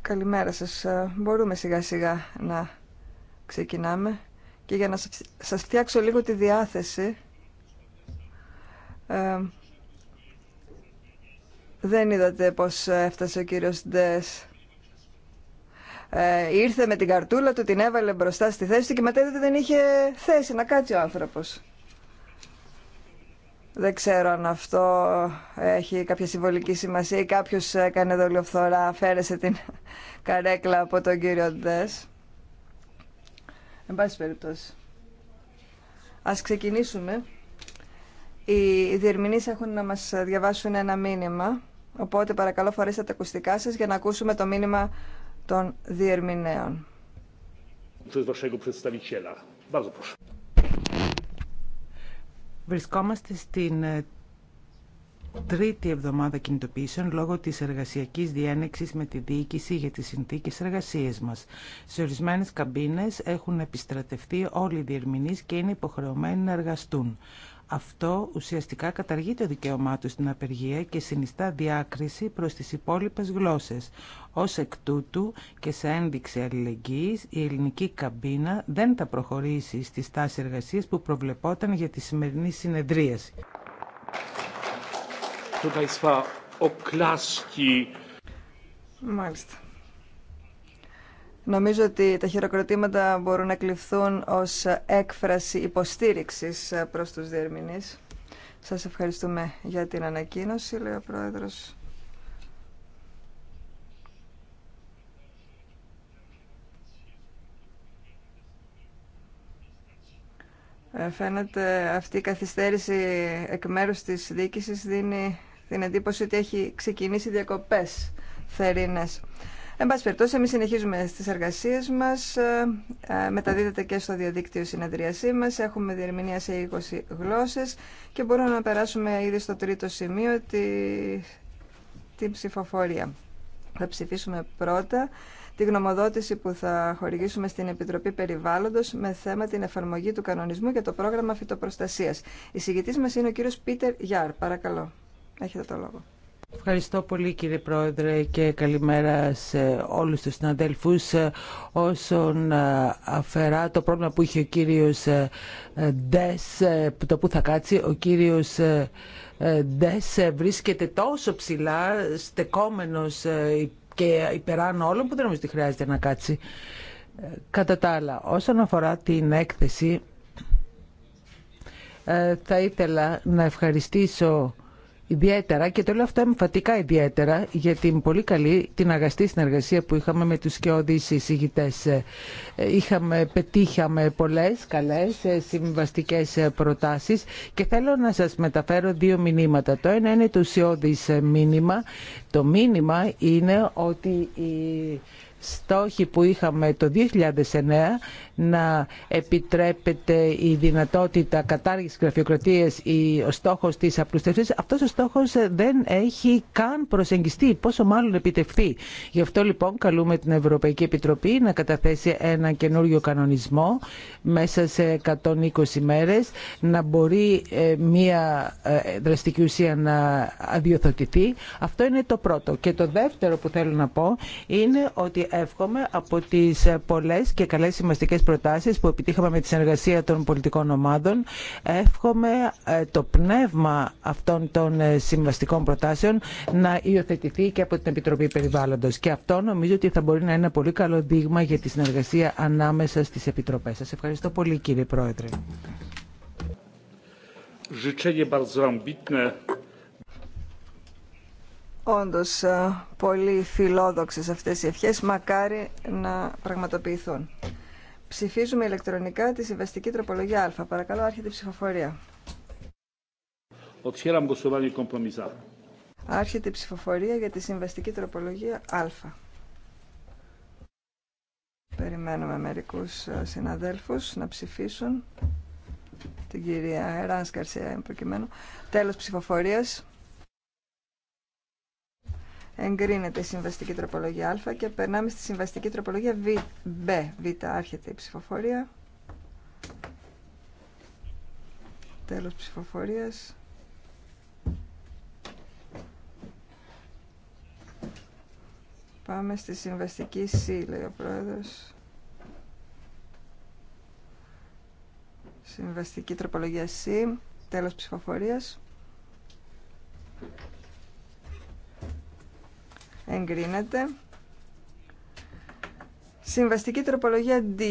Καλημέρα σας. Ε, μπορούμε σιγά σιγά να ξεκινάμε και για να σας φτιάξω λίγο τη διάθεση ε, δεν είδατε πως έφτασε ο κύριος Ντες. Ε, ήρθε με την καρτούλα του, την έβαλε μπροστά στη θέση του και μετά δεν είχε θέση να κάτσει ο άνθρωπος. Δεν ξέρω αν αυτό έχει κάποια συμβολική σημασία ή κάποιος έκανε δολιοφθορά, αφαίρεσε την καρέκλα από τον κύριο Ντες. Εν πάση περιπτώσει. Ας ξεκινήσουμε. Οι διερμηνείς έχουν να μας διαβάσουν ένα μήνυμα, οπότε παρακαλώ φορέστε τα ακουστικά σας για να ακούσουμε το μήνυμα των διερμηνέων. Βρισκόμαστε στην ε, τρίτη εβδομάδα κινητοποιήσεων λόγω της εργασιακής διένεξης με τη διοίκηση για τις συνθήκες εργασίας μας. Σε ορισμένες καμπίνες έχουν επιστρατευτεί όλοι οι διερμηνείς και είναι υποχρεωμένοι να εργαστούν. Αυτό ουσιαστικά καταργεί το δικαίωμά του στην απεργία και συνιστά διάκριση προς τις υπόλοιπες γλώσσες. Ως εκ τούτου και σε ένδειξη αλληλεγγύης, η ελληνική καμπίνα δεν θα προχωρήσει στη στάση εργασίας που προβλεπόταν για τη σημερινή συνεδρίαση. Μάλιστα. Νομίζω ότι τα χειροκροτήματα μπορούν να κλειφθούν ως έκφραση υποστήριξης προς τους διερμηνείς. Σας ευχαριστούμε για την ανακοίνωση, λέει ο Πρόεδρος. Ε, φαίνεται αυτή η καθυστέρηση εκ μέρους της δίκησης δίνει την εντύπωση ότι έχει ξεκινήσει διακοπές θερινές. Εν πάση περιπτώσει, εμεί συνεχίζουμε στι εργασίε μα. Ε, ε, μεταδίδεται και στο διαδίκτυο συνεδρίασή μα. Έχουμε διερμηνία σε 20 γλώσσε και μπορούμε να περάσουμε ήδη στο τρίτο σημείο, τη... την ψηφοφορία. Θα ψηφίσουμε πρώτα τη γνωμοδότηση που θα χορηγήσουμε στην Επιτροπή Περιβάλλοντος με θέμα την εφαρμογή του κανονισμού για το πρόγραμμα φυτοπροστασία. Η συγγητής μα είναι ο κύριο Πίτερ Γιάρ. Παρακαλώ. Έχετε το λόγο. Ευχαριστώ πολύ κύριε Πρόεδρε και καλημέρα σε όλους τους συναδέλφους όσον ε, αφαιρά το πρόβλημα που είχε ο κύριος ε, ε, Ντες, το που θα κάτσει, ο κύριος Ντες βρίσκεται τόσο ψηλά, στεκόμενος και υπεράνω όλων που δεν νομίζω ότι χρειάζεται να κάτσει. Κατά τα άλλα, όσον αφορά την έκθεση, θα ήθελα να ευχαριστήσω ιδιαίτερα και το λέω αυτό εμφατικά ιδιαίτερα για την πολύ καλή, την αγαστή συνεργασία που είχαμε με τους σκιώδεις εισηγητές. Ε, είχαμε, πετύχαμε πολλές καλές ε, συμβαστικές ε, προτάσεις και θέλω να σας μεταφέρω δύο μηνύματα. Το ένα είναι το ουσιώδης μήνυμα. Το μήνυμα είναι ότι η στόχοι που είχαμε το 2009 να επιτρέπεται η δυνατότητα κατάργησης γραφειοκρατίας ή ο στόχος της απλουστευσής, αυτός ο στόχος δεν έχει καν προσεγγιστεί, πόσο μάλλον επιτευχθεί. Γι' αυτό λοιπόν καλούμε την Ευρωπαϊκή Επιτροπή να καταθέσει ένα καινούριο κανονισμό μέσα σε 120 μέρες, να μπορεί ε, μία ε, δραστική ουσία να αδειοθωτηθεί. Αυτό είναι το πρώτο. Και το δεύτερο που θέλω να πω είναι ότι εύχομαι από τι πολλέ και καλέ σημαντικέ προτάσει που επιτύχαμε με τη συνεργασία των πολιτικών ομάδων. Εύχομαι ε, το πνεύμα αυτών των ε, συμβαστικών προτάσεων να υιοθετηθεί και από την Επιτροπή περιβάλλοντο. Και αυτό νομίζω ότι θα μπορεί να είναι ένα πολύ καλό δείγμα για τη συνεργασία ανάμεσα στι επιτροπέ. Σα ευχαριστώ πολύ κύριε Πρόεδρε. Όντως ε, πολύ φιλόδοξες αυτές οι ευχές, μακάρι να πραγματοποιηθούν. Ψηφίζουμε ηλεκτρονικά τη συμβαστική τροπολογία Α. Παρακαλώ, άρχεται η ψηφοφορία. Άρχεται η ψηφοφορία για τη συμβαστική τροπολογία Α. Περιμένουμε μερικούς ε, συναδέλφους να ψηφίσουν την κυρία Εράνς Καρσία προκειμένου. Τέλος ψηφοφορίας. Εγκρίνεται η συμβαστική τροπολογία Α και περνάμε στη συμβαστική τροπολογία Β. Β. Β. Άρχεται η ψηφοφορία. Τέλος ψηφοφορίας. Πάμε στη συμβαστική Σ, λέει ο πρόεδρος. Συμβαστική τροπολογία Σ, τέλος ψηφοφορίας εγκρίνεται. Συμβαστική τροπολογία D,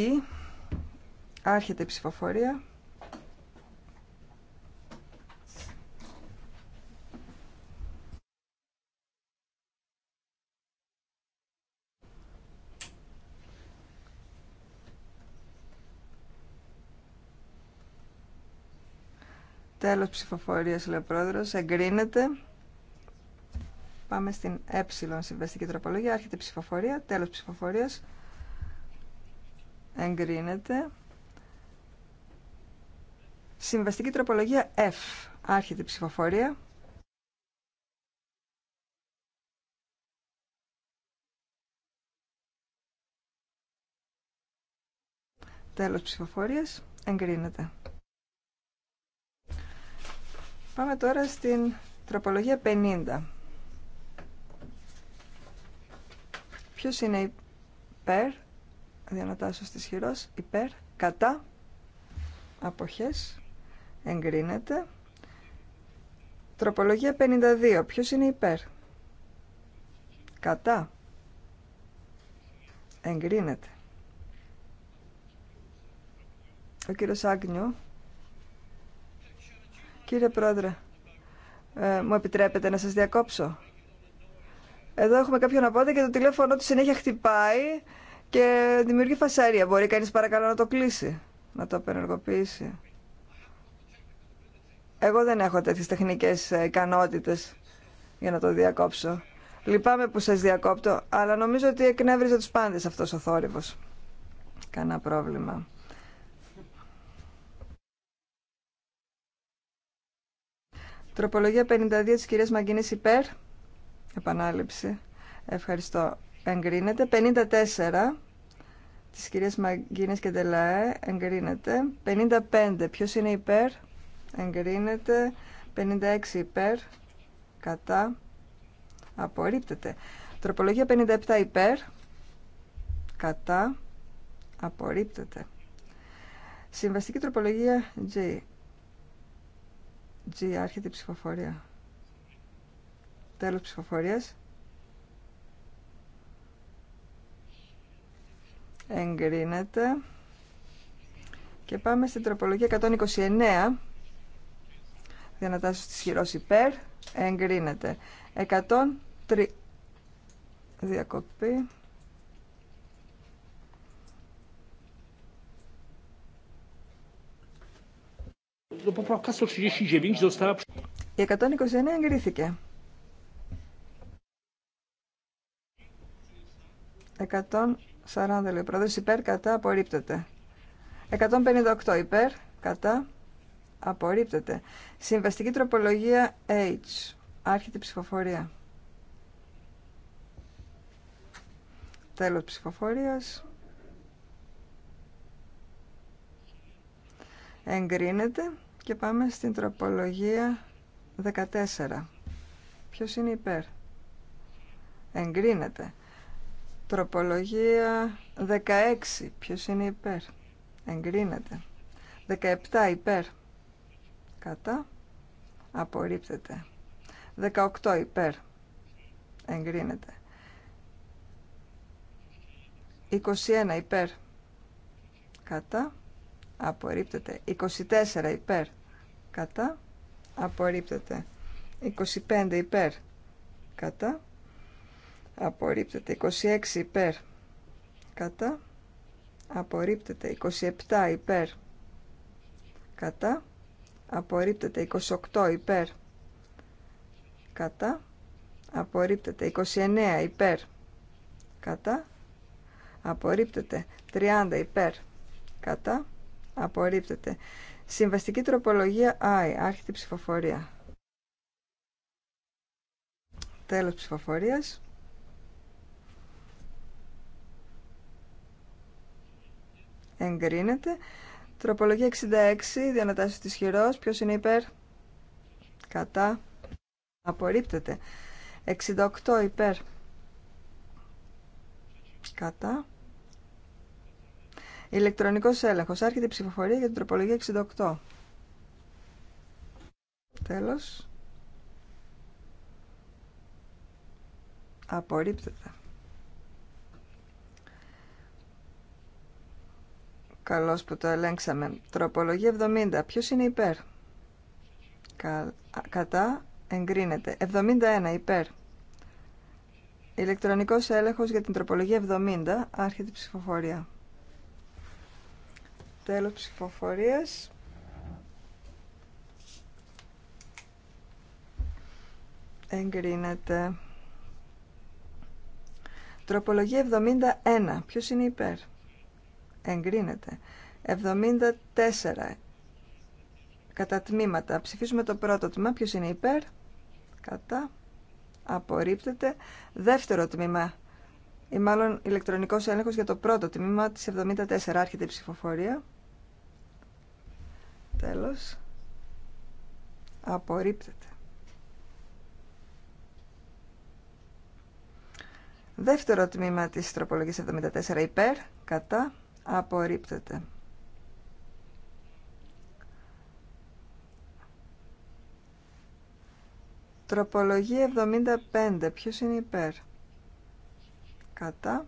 άρχεται η ψηφοφορία. Τέλος ψηφοφορίας, λέει εγκρίνεται. Πάμε στην ε συμβαστική τροπολογία. Άρχεται ψηφοφορία. Τέλος ψηφοφορίας. Εγκρίνεται. Συμβαστική τροπολογία F. Άρχεται ψηφοφορία. Τέλος ψηφοφορίας. Εγκρίνεται. Πάμε τώρα στην τροπολογία 50. Ποιος είναι υπέρ, διανατάσσω στις χειρός, υπέρ, κατά, αποχές, εγκρίνεται. Τροπολογία 52. Ποιος είναι υπέρ, κατά, εγκρίνεται. Ο κύριος Άγνιου. Κύριε Πρόεδρε, ε, μου επιτρέπετε να σας διακόψω. Εδώ έχουμε κάποιον απόντα και το τηλέφωνο του συνέχεια χτυπάει και δημιουργεί φασαρία. Μπορεί κανείς παρακαλώ να το κλείσει, να το απενεργοποιήσει. Εγώ δεν έχω τέτοιες τεχνικές ικανότητες για να το διακόψω. Λυπάμαι που σας διακόπτω, αλλά νομίζω ότι εκνεύριζε τους πάντες αυτός ο θόρυβος. Κανά πρόβλημα. Τροπολογία 52 της κυρίας Μαγκίνης υπέρ επανάληψη. Ευχαριστώ. Εγκρίνεται. 54 Τις κυρίες Μαγκίνες και Ντελαέ. Εγκρίνεται. 55. Ποιος είναι υπέρ. Εγκρίνεται. 56 υπέρ. Κατά. Απορρίπτεται. Τροπολογία 57 υπέρ. Κατά. Απορρίπτεται. Συμβαστική τροπολογία G. G. Άρχεται η ψηφοφορία. Τέλος ψηφοφορίας. Εγκρίνεται. Και πάμε στην τροπολογία 129. Διανατάσσεως της χειρός υπέρ. Εγκρίνεται. 103. Διακοπή. Η 129 εγκρίθηκε. 140 λέει πρόεδρος, υπέρ, κατά, απορρίπτεται. 158 υπέρ, κατά, απορρίπτεται. Συμβαστική τροπολογία H, άρχεται ψηφοφορία. Τέλος ψηφοφορίας. Εγκρίνεται και πάμε στην τροπολογία 14. Ποιος είναι υπέρ. Εγκρίνεται. Τροπολογία 16. Ποιος είναι υπέρ. Εγκρίνεται. 17 υπέρ. Κατά. Απορρίπτεται. 18 υπέρ. Εγκρίνεται. 21 υπέρ. Κατά. Απορρίπτεται. 24 υπέρ. Κατά. Απορρίπτεται. 25 υπέρ. Κατά απορρίπτεται 26 υπέρ κατά απορρίπτεται 27 υπέρ κατά απορρίπτεται 28 υπέρ κατά απορρίπτεται 29 υπέρ κατά απορρίπτεται 30 υπέρ κατά απορρίπτεται συμβαστική τροπολογία I άρχιτη ψηφοφορία τέλος ψηφοφορίας εγκρίνεται. Τροπολογία 66, διανατάσεις της χειρός, ποιος είναι υπέρ, κατά, απορρίπτεται. 68 υπέρ, κατά. Ηλεκτρονικός έλεγχος, άρχεται η ψηφοφορία για την τροπολογία 68. Τέλος. Απορρίπτεται. Καλώς που το ελέγξαμε. Τροπολογία 70. Ποιος είναι υπέρ. Κα... Κατά. Εγκρίνεται. 71. Υπέρ. Ηλεκτρονικός έλεγχος για την τροπολογία 70. Άρχεται η ψηφοφορία. Τέλος ψηφοφορίας. Εγκρίνεται. Τροπολογία 71. Ποιος είναι υπέρ εγκρίνεται. 74 κατά τμήματα. Ψηφίζουμε το πρώτο τμήμα. Ποιος είναι υπέρ, κατά, απορρίπτεται. Δεύτερο τμήμα, ή μάλλον ηλεκτρονικός έλεγχος για το πρώτο τμήμα της 74. Άρχεται η ψηφοφορία. Τέλος. Απορρίπτεται. Δεύτερο τμήμα της τροπολογίας 74 υπέρ, κατά, απορρίπτεται. Τροπολογία 75. Ποιος είναι υπέρ. Κατά.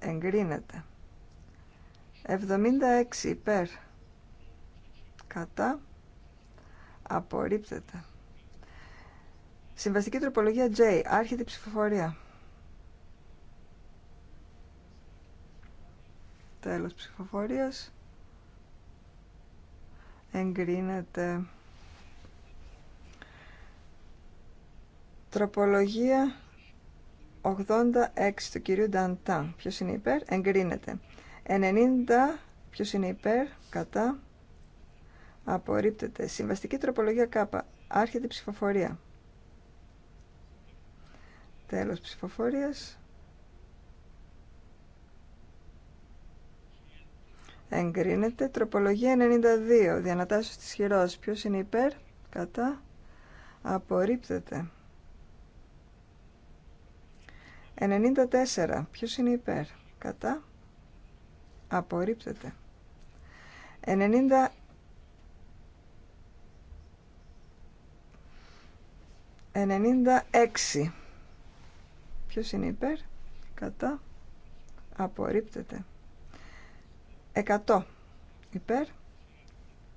Εγκρίνεται. 76 υπέρ. Κατά. Απορρίπτεται. Συμβαστική τροπολογία J. Άρχεται η ψηφοφορία. Τέλος ψηφοφορίας. Εγκρίνεται. Τροπολογία 86 του κυρίου Νταντά. Ποιος είναι υπέρ. Εγκρίνεται. 90. Ποιος είναι υπέρ. Κατά. Απορρίπτεται. Συμβαστική τροπολογία Κ. Άρχεται η ψηφοφορία. Τέλος ψηφοφορίας. εγκρίνεται. Τροπολογία 92, Διανατάσσεω τη χειρός. Ποιο είναι υπέρ, κατά, απορρίπτεται. 94, Ποιο είναι υπέρ, κατά, απορρίπτεται. 90 96 Ποιος είναι υπέρ Κατά Απορρίπτεται 100 υπέρ.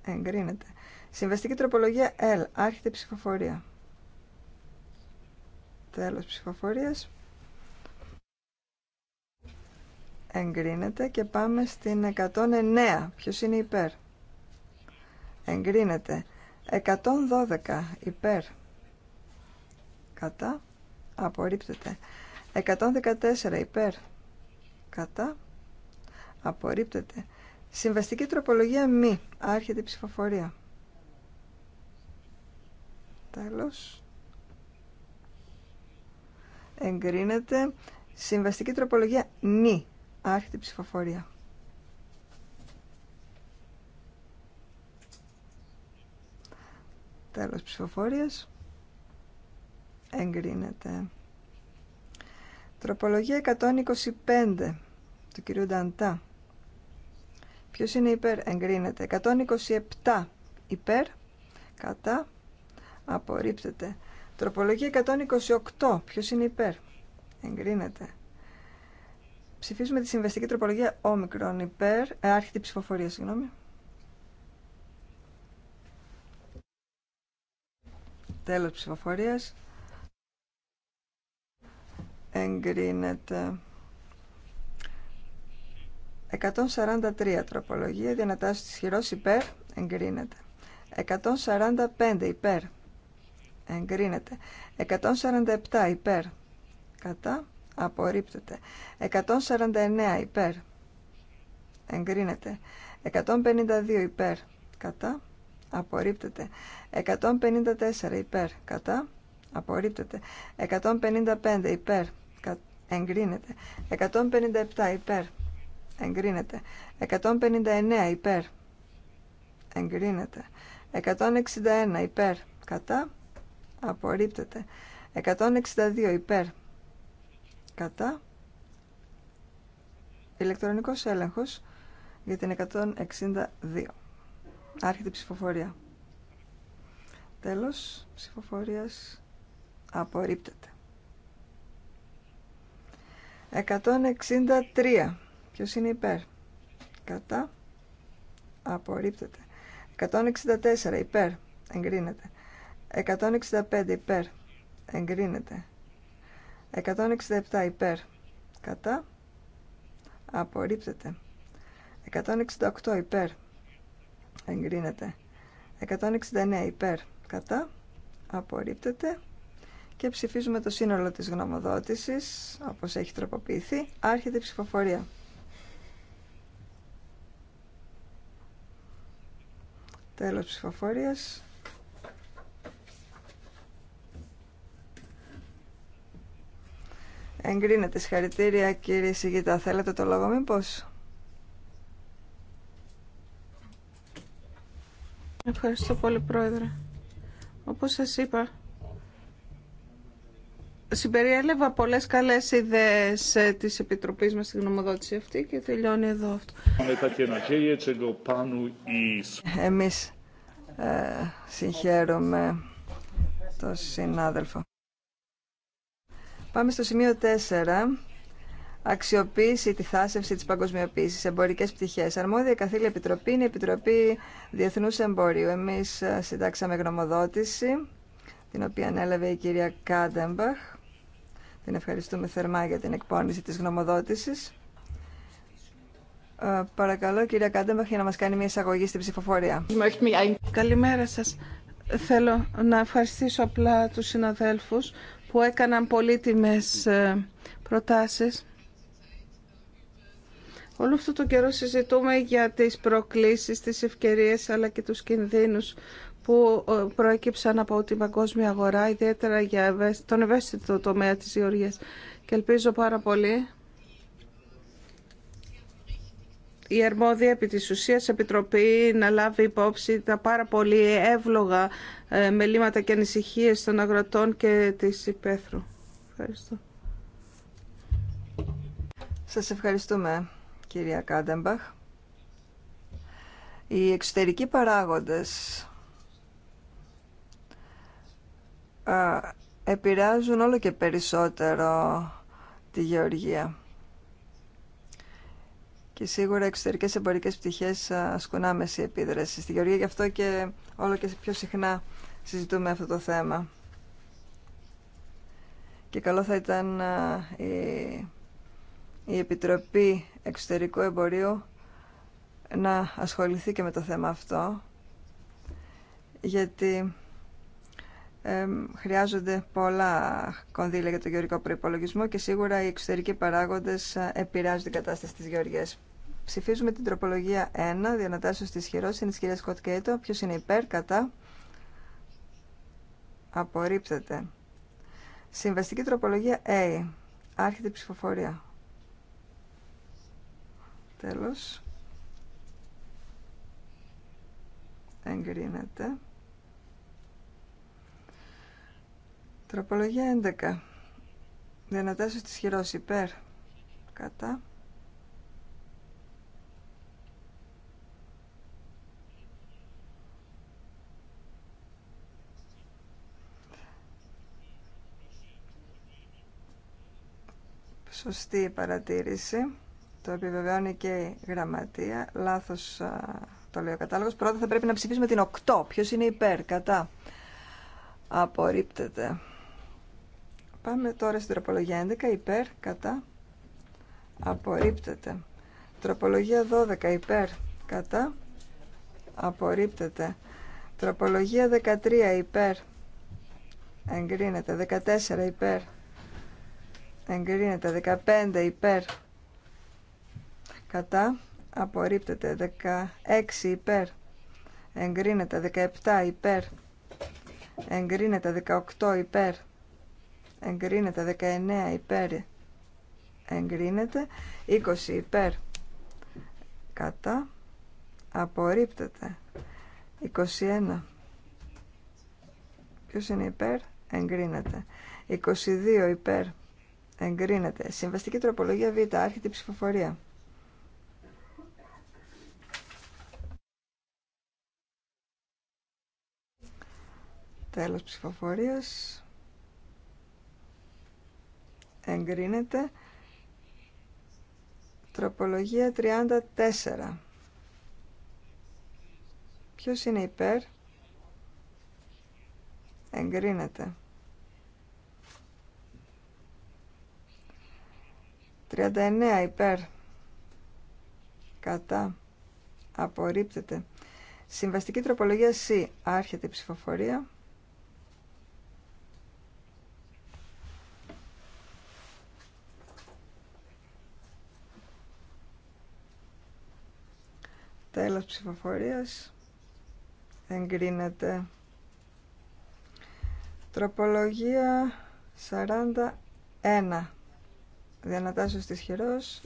Εγκρίνεται. Συμβαστική τροπολογία L. Άρχεται ψηφοφορία. Τέλος ψηφοφορίας. Εγκρίνεται και πάμε στην 109. Ποιος είναι υπέρ. Εγκρίνεται. 112 υπέρ. Κατά. Απορρίπτεται. 114 υπέρ. Κατά. Απορρίπτεται. Συμβαστική τροπολογία μη. Άρχεται η ψηφοφορία. Τέλος. Εγκρίνεται. Συμβαστική τροπολογία νη. Άρχεται η ψηφοφορία. Τέλος ψηφοφορίας. Εγκρίνεται. Τροπολογία 125 του κυρίου Νταντά. Ποιος είναι υπέρ, εγκρίνεται. 127 υπέρ, κατά, απορρίπτεται. Τροπολογία 128, ποιος είναι υπέρ, εγκρίνεται. Ψηφίζουμε τη συμβαστική τροπολογία όμικρον υπέρ, ε, άρχιτη ψηφοφορία, συγγνώμη. Τέλος ψηφοφορίας. Εγκρίνεται. 143 τροπολογία, διανατάσσεως της χειρός υπέρ, εγκρίνεται. 145 υπέρ, εγκρίνεται. 147 υπέρ, κατά, απορρίπτεται. 149 υπέρ, εγκρίνεται. 152 υπέρ, κατά, απορρίπτεται. 154 υπέρ, κατά, απορρίπτεται. 155 υπέρ, εγκρίνεται. 157 υπέρ, εγκρίνεται. 159 υπέρ, εγκρίνεται. 161 υπέρ, κατά, απορρίπτεται. 162 υπέρ, κατά, ηλεκτρονικός έλεγχος για την 162. Άρχεται η ψηφοφορία. Τέλος ψηφοφορίας απορρίπτεται. 163 Ποιος είναι υπέρ. Κατά. Απορρίπτεται. 164 υπέρ. Εγκρίνεται. 165 υπέρ. Εγκρίνεται. 167 υπέρ. Κατά. Απορρίπτεται. 168 υπέρ. Εγκρίνεται. 169 υπέρ. Κατά. Απορρίπτεται. Και ψηφίζουμε το σύνολο της γνωμοδότησης, όπως έχει τροποποιηθεί. Άρχεται η ψηφοφορία. Τέλος ψηφοφορίας. Εγκρίνεται. Συγχαρητήρια κύριε Σιγητά. Θέλετε το λόγο μήπως. Ευχαριστώ πολύ πρόεδρε. Όπως σας είπα, συμπεριέλευα πολλές καλέ ιδέες ε, τη επιτροπή μα στην γνωμοδότηση αυτή και τελειώνει εδώ αυτό. Εμεί ε, το τον συνάδελφο. Πάμε στο σημείο 4. Αξιοποίηση τη θάσευση τη παγκοσμιοποίηση, εμπορικέ πτυχέ. Αρμόδια καθήλια επιτροπή είναι η Επιτροπή Διεθνού Εμπορίου. Εμεί ε, συντάξαμε γνωμοδότηση, την οποία ανέλαβε η κυρία Κάντεμπαχ. Την ευχαριστούμε θερμά για την εκπόνηση της γνωμοδότησης. Ε, παρακαλώ, κυρία Κάντεμπαχ, για να μας κάνει μια εισαγωγή στην ψηφοφορία. Καλημέρα σας. Θέλω να ευχαριστήσω απλά τους συναδέλφους που έκαναν πολύτιμες ε, προτάσεις. Όλο αυτό το καιρό συζητούμε για τις προκλήσεις, τις ευκαιρίες αλλά και τους κινδύνους που ε, προέκυψαν από την παγκόσμια αγορά, ιδιαίτερα για τον ευαίσθητο τομέα της γεωργίας. Και ελπίζω πάρα πολύ η αρμόδια επί της ουσίας επιτροπή να λάβει υπόψη τα πάρα πολύ εύλογα ε, μελήματα και ανησυχίες των αγροτών και της υπαίθρου. Ευχαριστώ. Σας ευχαριστούμε κυρία Κάντεμπαχ. Οι εξωτερικοί παράγοντες επηρεάζουν όλο και περισσότερο τη γεωργία. Και σίγουρα εξωτερικές εμπορικές πτυχές ασκούν άμεση επίδραση στη γεωργία. Γι' αυτό και όλο και πιο συχνά συζητούμε αυτό το θέμα. Και καλό θα ήταν η, η Επιτροπή Εξωτερικού Εμπορίου να ασχοληθεί και με το θέμα αυτό. Γιατί χρειάζονται πολλά κονδύλια για το γεωργικό προπολογισμό και σίγουρα οι εξωτερικοί παράγοντες επηρεάζουν την κατάσταση τη γεωργίας. Ψηφίζουμε την τροπολογία 1, διανατάσσεω τη χειρό, είναι τη κυρία Κοτκέιτο. Ποιο είναι υπέρ, κατά. Απορρίπτεται. Συμβαστική τροπολογία A. Άρχεται η ψηφοφορία. Τέλος. Εγκρίνεται. Τροπολογία 11. Δυνατές τη χειρό υπέρ. Κατά. Σωστή παρατήρηση. Το επιβεβαιώνει και η γραμματεία. Λάθος το λέει ο κατάλογο. Πρώτα θα πρέπει να ψηφίσουμε την 8. Ποιο είναι υπέρ. Κατά. Απορρίπτεται. Πάμε τώρα στην τροπολογία 11, υπέρ, κατά, απορρίπτεται. Τροπολογία 12, υπέρ, κατά, απορρίπτεται. Τροπολογία 13, υπέρ, εγκρίνεται. 14, υπέρ, εγκρίνεται. 15, υπέρ, κατά, απορρίπτεται. 16, υπέρ, εγκρίνεται. 17, υπέρ, εγκρίνεται. 18, υπέρ, εγκρίνεται 19 υπέρ εγκρίνεται 20 υπέρ κατά απορρίπτεται 21 ποιος είναι υπέρ εγκρίνεται 22 υπέρ εγκρίνεται συμβαστική τροπολογία β άρχεται η ψηφοφορία τέλος ψηφοφορίας εγκρίνεται. Τροπολογία 34. Ποιος είναι υπέρ? Εγκρίνεται. 39 υπέρ. Κατά. Απορρίπτεται. Συμβαστική τροπολογία C. Άρχεται η ψηφοφορία. Τέλος ψηφοφορίας. Εγκρίνεται. Τροπολογία 41. Διανατάσσεως της χειρός.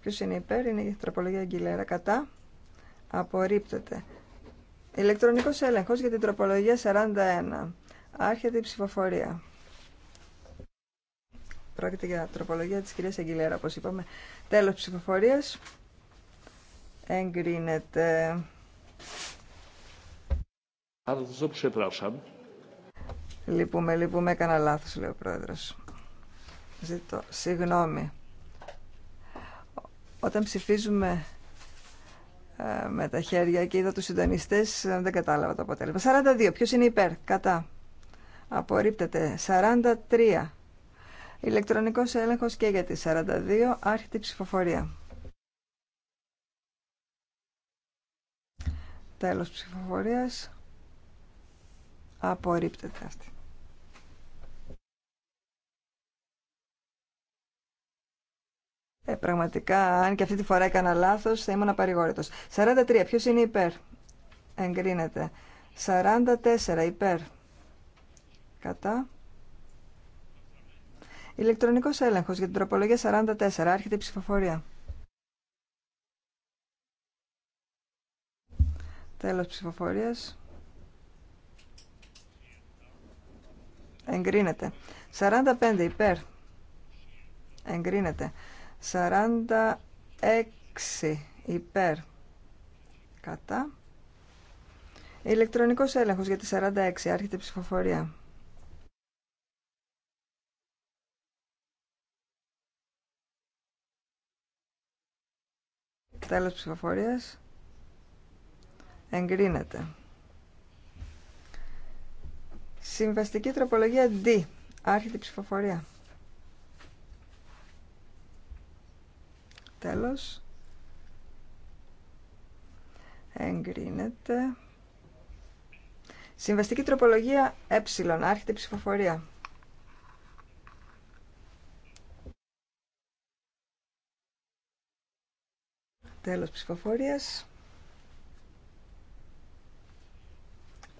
Ποιος είναι υπέρ, είναι η τροπολογία Αγγιλέρα. Κατά. Απορρίπτεται. Ηλεκτρονικός έλεγχος για την τροπολογία 41. Άρχεται η ψηφοφορία. Πρόκειται για τροπολογία της κυρίας Αγγιλέρα, όπως είπαμε. Τέλος ψηφοφορίας. Εγκρίνεται. Λυπούμε, λυπούμε, έκανα λάθος, λέει ο πρόεδρος. Ζητώ, συγγνώμη. Όταν ψηφίζουμε ε, με τα χέρια και είδα τους συντονιστές, ε, δεν κατάλαβα το αποτέλεσμα. 42, ποιος είναι υπέρ, κατά. Απορρίπτεται. 43. Ηλεκτρονικός έλεγχος και για τη 42, άρχεται η ψηφοφορία. Τέλος ψηφοφορίας. Απορρίπτεται αυτή. Ε, πραγματικά, αν και αυτή τη φορά έκανα λάθος, θα ήμουν απαρηγόρητος. 43. Ποιος είναι υπέρ. Εγκρίνεται. 44. Υπέρ. Κατά. Ηλεκτρονικός έλεγχος για την τροπολογία 44. Άρχεται η ψηφοφορία. Τέλος ψηφοφορίας. Εγκρίνεται. 45 υπέρ. Εγκρίνεται. 46 υπέρ. Κατά. Ηλεκτρονικός έλεγχος για τη 46. Άρχεται ψηφοφορία. Τέλος ψηφοφορίας εγκρίνεται. Συμβαστική τροπολογία D. Άρχεται η ψηφοφορία. Τέλος. Εγκρίνεται. Συμβαστική τροπολογία ε. Άρχεται η ψηφοφορία. Τέλος ψηφοφορίας.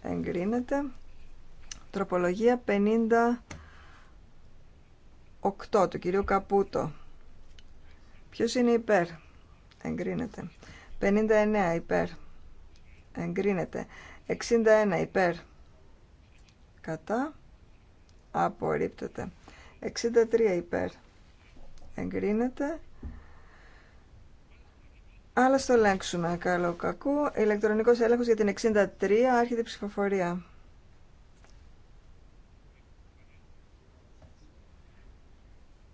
εγκρίνεται. Τροπολογία 58 του κυρίου Καπούτο. Ποιος είναι υπέρ. Εγκρίνεται. 59 υπέρ. Εγκρίνεται. 61 υπέρ. Κατά. Απορρίπτεται. 63 υπέρ. Εγκρίνεται. Αλλά στο λέξουμε. καλό κακού. Ηλεκτρονικός έλεγχος για την 63, άρχεται η ψηφοφορία.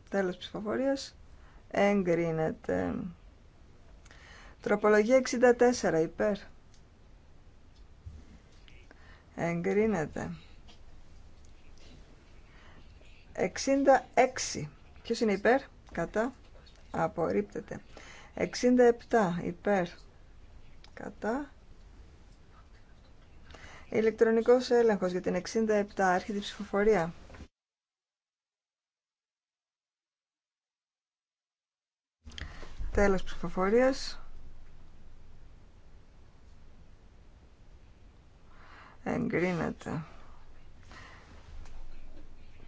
Τέλος ψηφοφορίας. Εγκρίνεται. Τροπολογία 64, υπέρ. Εγκρίνεται. 66. Ποιος είναι υπέρ, κατά, απορρίπτεται. 67 υπέρ κατά ηλεκτρονικός έλεγχος για την 67 έρχεται η ψηφοφορία τέλος ψηφοφορίας εγκρίνεται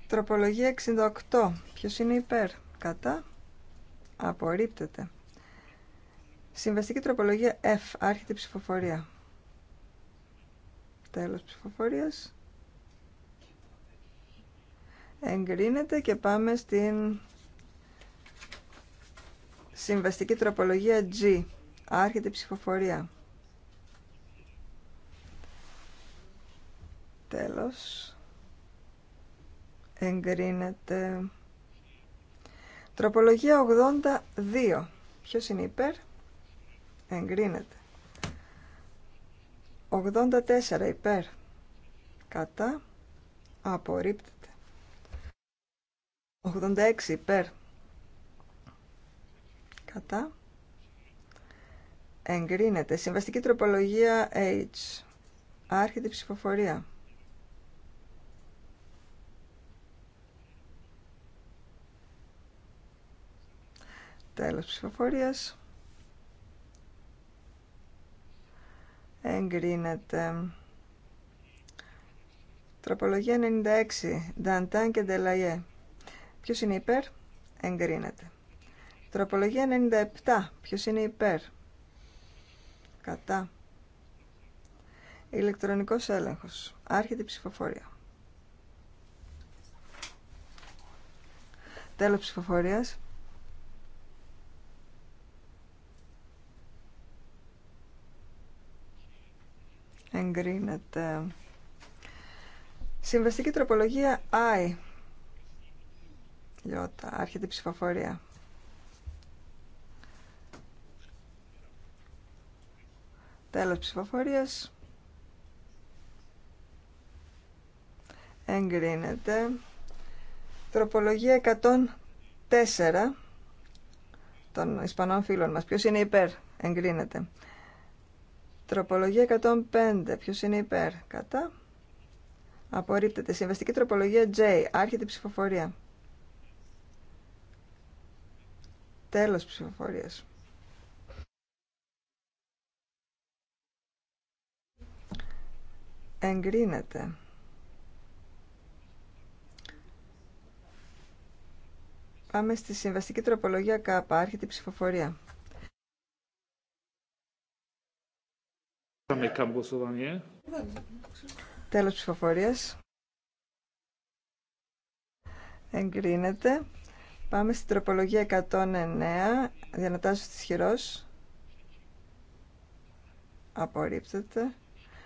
τροπολογία 68 ποιος είναι υπέρ κατά απορρίπτεται Συμβαστική τροπολογία F, άρχεται ψηφοφορία. Τέλος ψηφοφορίας. Εγκρίνεται και πάμε στην συμβαστική τροπολογία G, άρχεται ψηφοφορία. Τέλος. Εγκρίνεται. Τροπολογία 82. Ποιος είναι υπέρ? εγκρίνεται. 84 υπέρ κατά απορρίπτεται. 86 υπέρ κατά εγκρίνεται. Συμβαστική τροπολογία H. Άρχεται η ψηφοφορία. Τέλος ψηφοφορίας. εγκρίνεται. Τροπολογία 96. Νταντάν και Ντελαϊέ. Ποιος είναι υπέρ? Εγκρίνεται. Τροπολογία 97. Ποιος είναι υπέρ? Κατά. Ηλεκτρονικός έλεγχος. Άρχεται η ψηφοφορία. Τέλος ψηφοφορίας. εγκρίνεται. Συμβαστική τροπολογία I. Λιώτα, άρχεται η ψηφοφορία. Τέλος ψηφοφορίας. Εγκρίνεται. Τροπολογία 104 των Ισπανών φίλων μας. Ποιος είναι υπέρ. Εγκρίνεται. Τροπολογία 105. Ποιο είναι υπέρ. Κατά. Απορρίπτεται. Συμβαστική τροπολογία J. Άρχεται η ψηφοφορία. Τέλος ψηφοφορίας. Εγκρίνεται. Πάμε στη συμβαστική τροπολογία K. Άρχεται η ψηφοφορία. Zamykam głosowanie. Τέλος ψηφοφορίας. Εγκρίνεται. Πάμε στην τροπολογία 109. Διανατάσσω τη χειρός. Απορρίπτεται.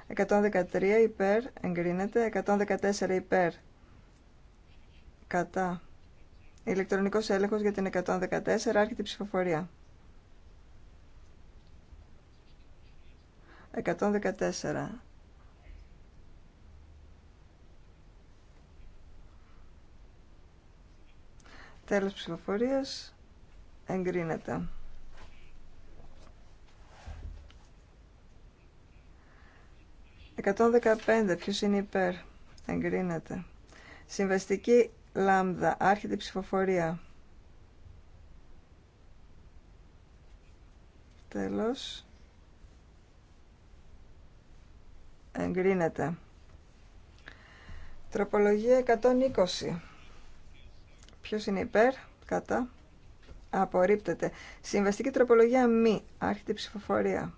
113 υπέρ. Εγκρίνεται. 114 υπέρ. Κατά. Ηλεκτρονικός έλεγχος για την 114. Άρχεται η ψηφοφορία. 114. Τέλος ψηφοφορίας. Εγκρίνεται. 115 δεκαπέντε. Ποιος είναι υπέρ. Εγκρίνεται. Συμβαστική λάμδα. Άρχεται ψηφοφορία. Τέλος. εγκρίνεται. Τροπολογία 120. Ποιος είναι υπέρ, κατά, απορρίπτεται. Συμβαστική τροπολογία μη, Άρχιτε ψηφοφορία.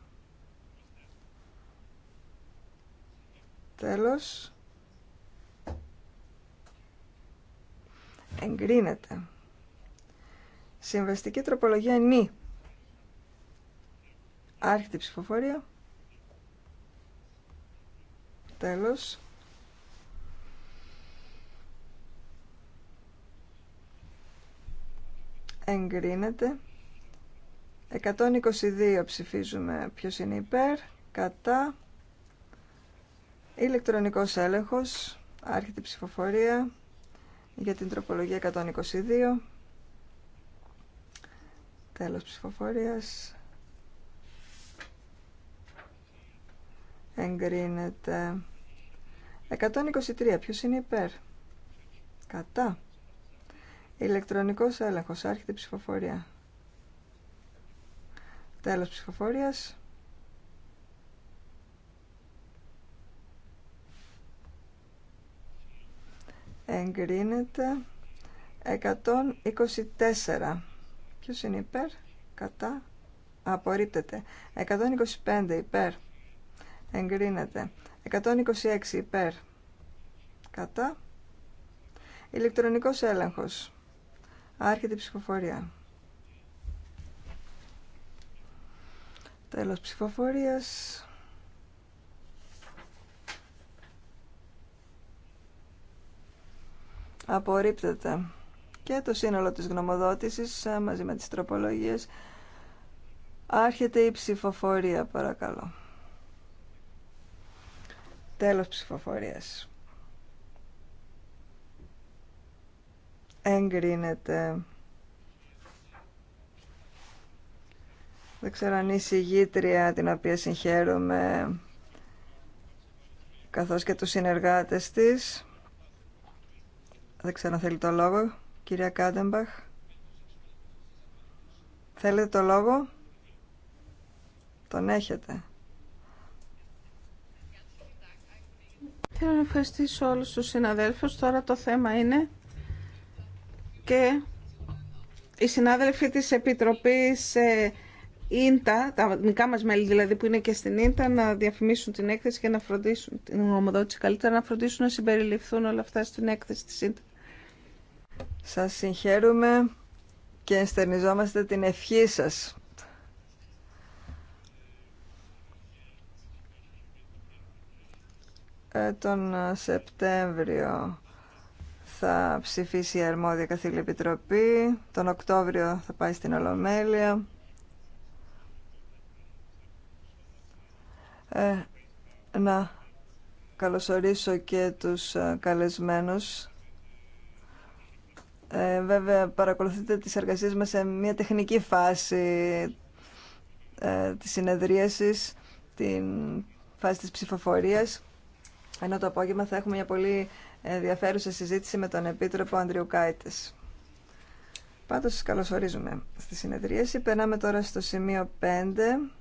Τέλος. Εγκρίνεται. Συμβαστική τροπολογία νη. Άρχιτε ψηφοφορία. Τέλος. Εγκρίνεται. 122 ψηφίζουμε ποιος είναι υπέρ, κατά. Ηλεκτρονικός έλεγχος, άρχεται η ψηφοφορία για την τροπολογία 122. Τέλος ψηφοφορίας. εγκρίνεται. 123. Ποιος είναι υπέρ. Κατά. Ηλεκτρονικός έλεγχος. Άρχεται η ψηφοφορία. Τέλος ψηφοφορίας. Εγκρίνεται. 124. Ποιος είναι υπέρ. Κατά. Απορρίπτεται. 125 υπέρ εγκρίνεται. 126 υπέρ κατά ηλεκτρονικός έλεγχος άρχεται η ψηφοφορία τέλος ψηφοφορίας απορρίπτεται και το σύνολο της γνωμοδότησης ε, μαζί με τις τροπολογίες άρχεται η ψηφοφορία παρακαλώ Τέλος ψηφοφορίας. Εγκρίνεται. Δεν ξέρω αν η συγγήτρια την οποία συγχαίρομαι καθώς και του συνεργάτες της. Δεν ξέρω αν θέλει το λόγο, κυρία Κάντεμπαχ. Θέλετε το λόγο. Τον έχετε. Θέλω να ευχαριστήσω όλους τους συναδέλφους. Τώρα το θέμα είναι και οι συνάδελφοι της Επιτροπής Ίντα, ε, τα δικά μας μέλη δηλαδή που είναι και στην Ίντα, να διαφημίσουν την έκθεση και να φροντίσουν την ομοδότηση καλύτερα, να φροντίσουν να συμπεριληφθούν όλα αυτά στην έκθεση της Ίντα. Σας συγχαίρουμε και ενστερνιζόμαστε την ευχή σας. τον Σεπτέμβριο θα ψηφίσει η αρμόδια καθήλη επιτροπή, τον Οκτώβριο θα πάει στην Ολομέλεια. Ε, να καλωσορίσω και τους ε, καλεσμένους. Ε, βέβαια παρακολουθείτε τις εργασίες μας σε μια τεχνική φάση ε, της συνεδρίασης, την φάση της ψηφοφορίας ενώ το απόγευμα θα έχουμε μια πολύ ενδιαφέρουσα συζήτηση με τον Επίτροπο Ανδριου Κάιτες. Πάντως σας καλωσορίζουμε στη συνεδρίαση. Περνάμε τώρα στο σημείο 5.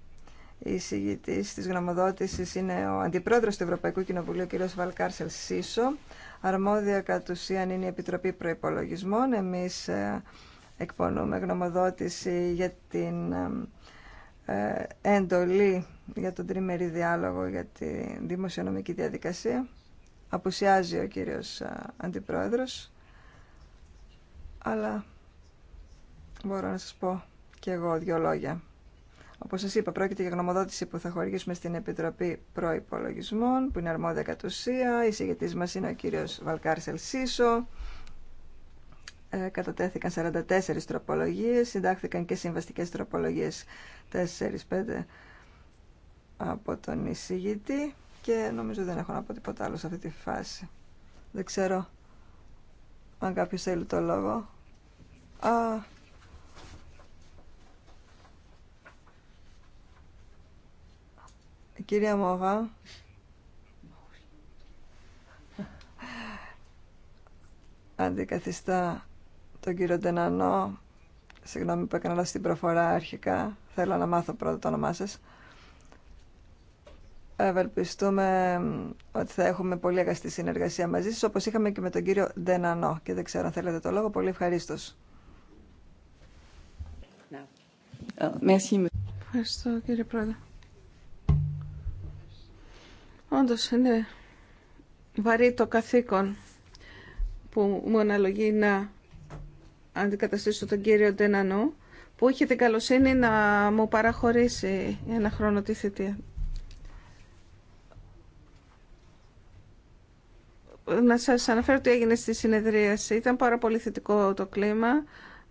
Η συγητή της γνωμοδότησης είναι ο Αντιπρόεδρος του Ευρωπαϊκού Κοινοβουλίου, κ. Βαλκάρσελ Σίσο. Αρμόδια κατ' ουσίαν είναι η Επιτροπή Προϋπολογισμών. Εμείς ε, εκπονούμε γνωμοδότηση για την εντολή ε, για τον τριμερή διάλογο για τη δημοσιονομική διαδικασία. Αποουσιάζει ο κύριος Αντιπρόεδρος, αλλά μπορώ να σας πω και εγώ δύο λόγια. Όπως σας είπα, πρόκειται για γνωμοδότηση που θα χορηγήσουμε στην Επιτροπή Προϋπολογισμών, που είναι αρμόδια κατ' ουσία. Η συγγετής μας είναι ο κύριος Βαλκάρσελ Σίσο. Ε, κατατέθηκαν 44 τροπολογίες, συντάχθηκαν και συμβαστικές τροπολογίες 4, 5, από τον εισηγητή και νομίζω δεν έχω να πω τίποτα άλλο σε αυτή τη φάση. Δεν ξέρω αν κάποιος θέλει το λόγο. Α, κυρία Μόγα. Αντικαθιστά τον κύριο Ντενανό. Συγγνώμη που έκανα λάθος την προφορά αρχικά. Θέλω να μάθω πρώτα το όνομά σας ευελπιστούμε ότι θα έχουμε πολύ αγαστή συνεργασία μαζί σας, όπως είχαμε και με τον κύριο Ντενανό. Και δεν ξέρω αν θέλετε το λόγο, πολύ ευχαρίστω. Ευχαριστώ κύριε Πρόεδρε. Όντω είναι βαρύ το καθήκον που μου αναλογεί να αντικαταστήσω τον κύριο Ντενανό που είχε την καλοσύνη να μου παραχωρήσει ένα χρόνο τη θητεία να σας αναφέρω τι έγινε στη συνεδρίαση. Ήταν πάρα πολύ θετικό το κλίμα.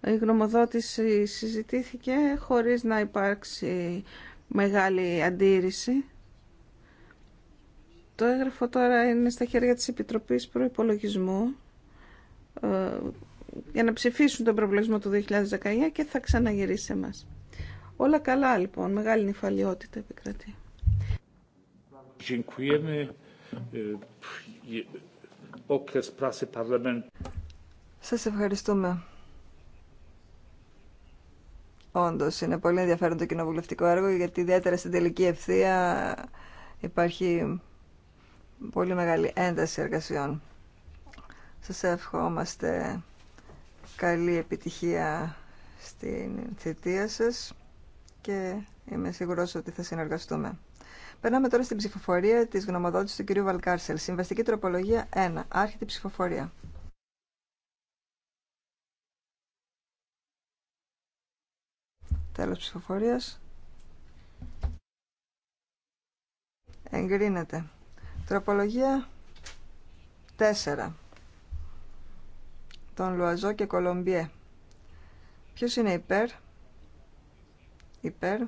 Η γνωμοδότηση συζητήθηκε χωρίς να υπάρξει μεγάλη αντίρρηση. Το έγγραφο τώρα είναι στα χέρια της Επιτροπής Προϋπολογισμού ε, για να ψηφίσουν τον προβλέψιμο του 2019 και θα ξαναγυρίσει σε μας. Όλα καλά λοιπόν, μεγάλη νυφαλιότητα επικρατεί. Σας ευχαριστούμε. Όντω, είναι πολύ ενδιαφέρον το κοινοβουλευτικό έργο, γιατί ιδιαίτερα στην τελική ευθεία υπάρχει πολύ μεγάλη ένταση εργασιών. Σας ευχόμαστε καλή επιτυχία στην θητεία σας και είμαι σίγουρος ότι θα συνεργαστούμε. Περνάμε τώρα στην ψηφοφορία της γνωμοδότησης του κυρίου Βαλκάρσελ. Συμβαστική τροπολογία 1. Άρχεται η ψηφοφορία. Τέλο ψηφοφορία. Εγκρίνεται. Τροπολογία 4. Τον Λουαζό και Κολομπιέ. Ποιος είναι υπέρ. Υπέρ.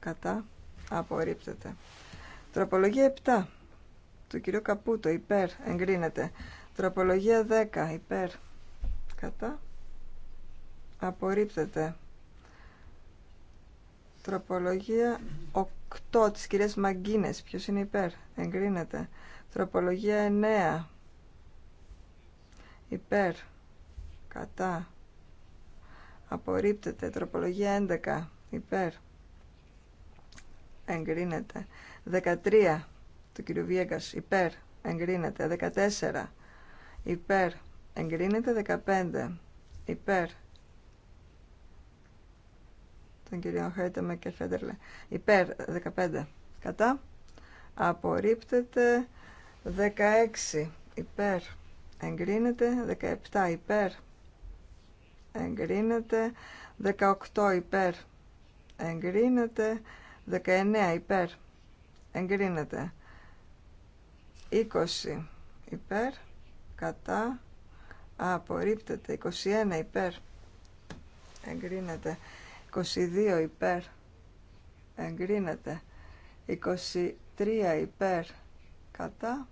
Κατά απορρίπτεται. Τροπολογία 7 του κυρίου Καπούτο υπέρ εγκρίνεται. Τροπολογία 10 υπέρ κατά απορρίπτεται. Τροπολογία 8 της κυρίας Μαγκίνες. Ποιος είναι υπέρ. Εγκρίνεται. Τροπολογία 9. Υπέρ. Κατά. Απορρίπτεται. Τροπολογία 11. Υπέρ εγκρίνεται. 13 του κύριου Βιέγκας υπέρ εγκρίνεται. 14 υπέρ εγκρίνεται. 15 υπέρ κύριο με και Φέντερλε. Υπέρ 15 κατά. Απορρίπτεται 16 υπέρ. Εγκρίνεται 17 υπέρ. Εγκρίνεται 18 υπέρ. Εγκρίνεται 19 υπέρ. Εγκρίνεται. 20 υπέρ. Κατά. Απορρίπτεται. 21 υπέρ. Εγκρίνεται. 22 υπέρ. Εγκρίνεται. 23 υπέρ. Κατά.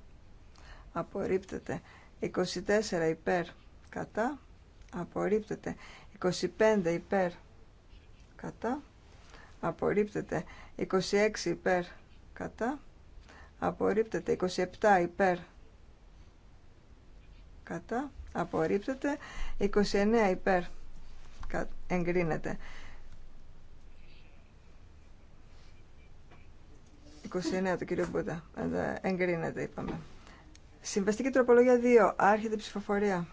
Απορρίπτεται. 24 υπέρ. Κατά. Απορρίπτεται. 25 υπέρ. Κατά απορρίπτεται 26 υπέρ κατά απορρίπτεται 27 υπέρ κατά απορρίπτεται 29 υπέρ εγκρίνεται 29 το κύριο Μπούτα ε, εγκρίνεται είπαμε Συμβαστική τροπολογία 2 άρχεται ψηφοφορία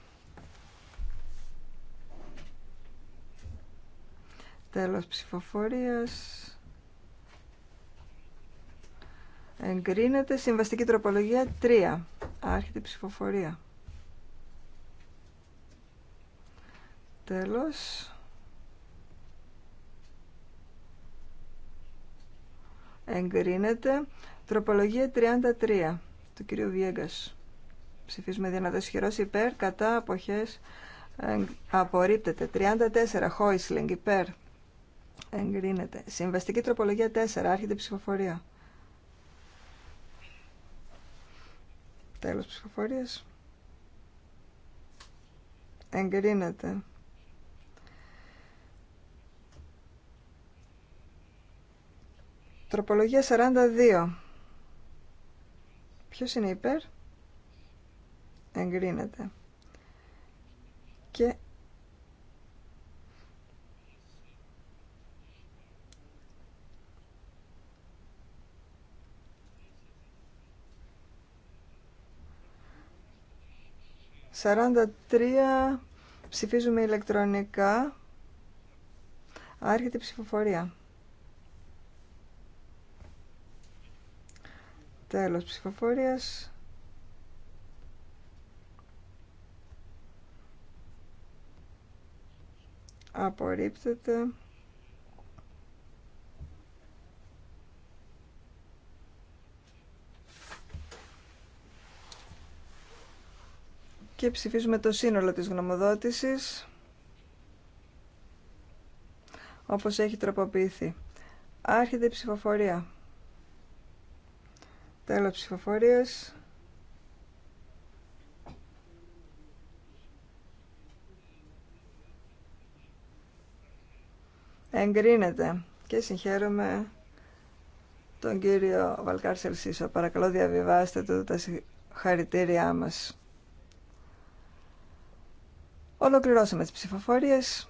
Τέλος ψηφοφορίας. Εγκρίνεται συμβαστική τροπολογία 3. Άρχεται ψηφοφορία. Τέλος. Εγκρίνεται τροπολογία 33 του κυρίου Βιέγκας. Ψηφίζουμε δυνατές χειρός υπέρ, κατά, αποχές, απορρίπτεται. 34, Χόισλινγκ υπέρ, εγκρίνεται. Συμβαστική τροπολογία 4, άρχεται η ψηφοφορία. Τέλος ψηφοφορίας. Εγκρίνεται. Τροπολογία 42. Ποιος είναι υπέρ? Εγκρίνεται. Και 43 ψηφίζουμε ηλεκτρονικά. Άρχεται η ψηφοφορία. Τέλος ψηφοφορίας. Απορρίπτεται. και ψηφίζουμε το σύνολο της γνωμοδότησης όπως έχει τροποποιηθεί. Άρχεται η ψηφοφορία. Τέλος ψηφοφορίας. Εγκρίνεται και συγχαίρομαι τον κύριο Βαλκάρ Σελσίσο. Παρακαλώ διαβιβάστε το τα συγχαρητήριά μας. Ολοκληρώσαμε τις ψηφοφορίες.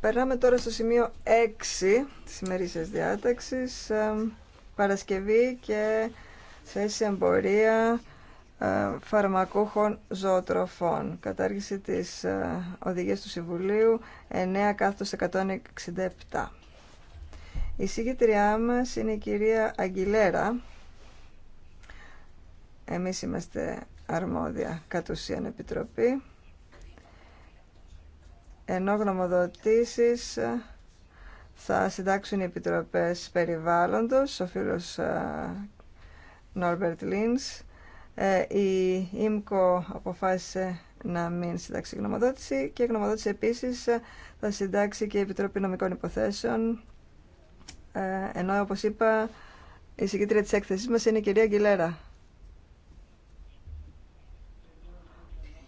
Περνάμε τώρα στο σημείο 6 της ημερήσιας διάταξης, Παρασκευή και θέση εμπορία φαρμακούχων ζωοτροφών. Κατάργηση της ε, οδηγίας του Συμβουλίου 9 167. Η συγκεκριά μας είναι η κυρία Αγγιλέρα. Εμείς είμαστε αρμόδια κατ' ουσίαν επιτροπή ενώ γνωμοδοτήσεις ε, θα συντάξουν οι επιτροπές περιβάλλοντος, ο φίλος ε, Νόρμπερτ Λίνς. Ε, η ΙΜΚΟ αποφάσισε να μην συντάξει γνωμοδότηση και γνωμοδότηση επίσης θα συντάξει και η Επιτροπή Νομικών Υποθέσεων ενώ όπως είπα η συγκίτρια της έκθεσής μας είναι η κυρία Αγγιλέρα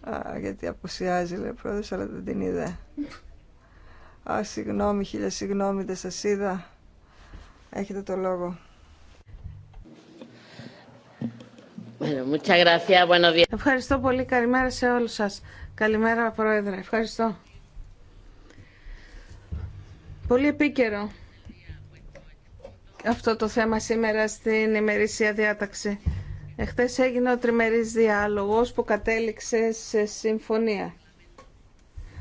Α, γιατί αποσιάζει, λέει πρόεδρος, αλλά δεν την είδε. Α, συγγνώμη, χίλια συγγνώμη, δεν σας είδα. Έχετε το λόγο. Ευχαριστώ πολύ. Καλημέρα σε όλους σας. Καλημέρα, Πρόεδρε. Ευχαριστώ. Πολύ επίκαιρο αυτό το θέμα σήμερα στην ημερήσια διάταξη. Εχθές έγινε ο τριμερής διάλογος που κατέληξε σε συμφωνία.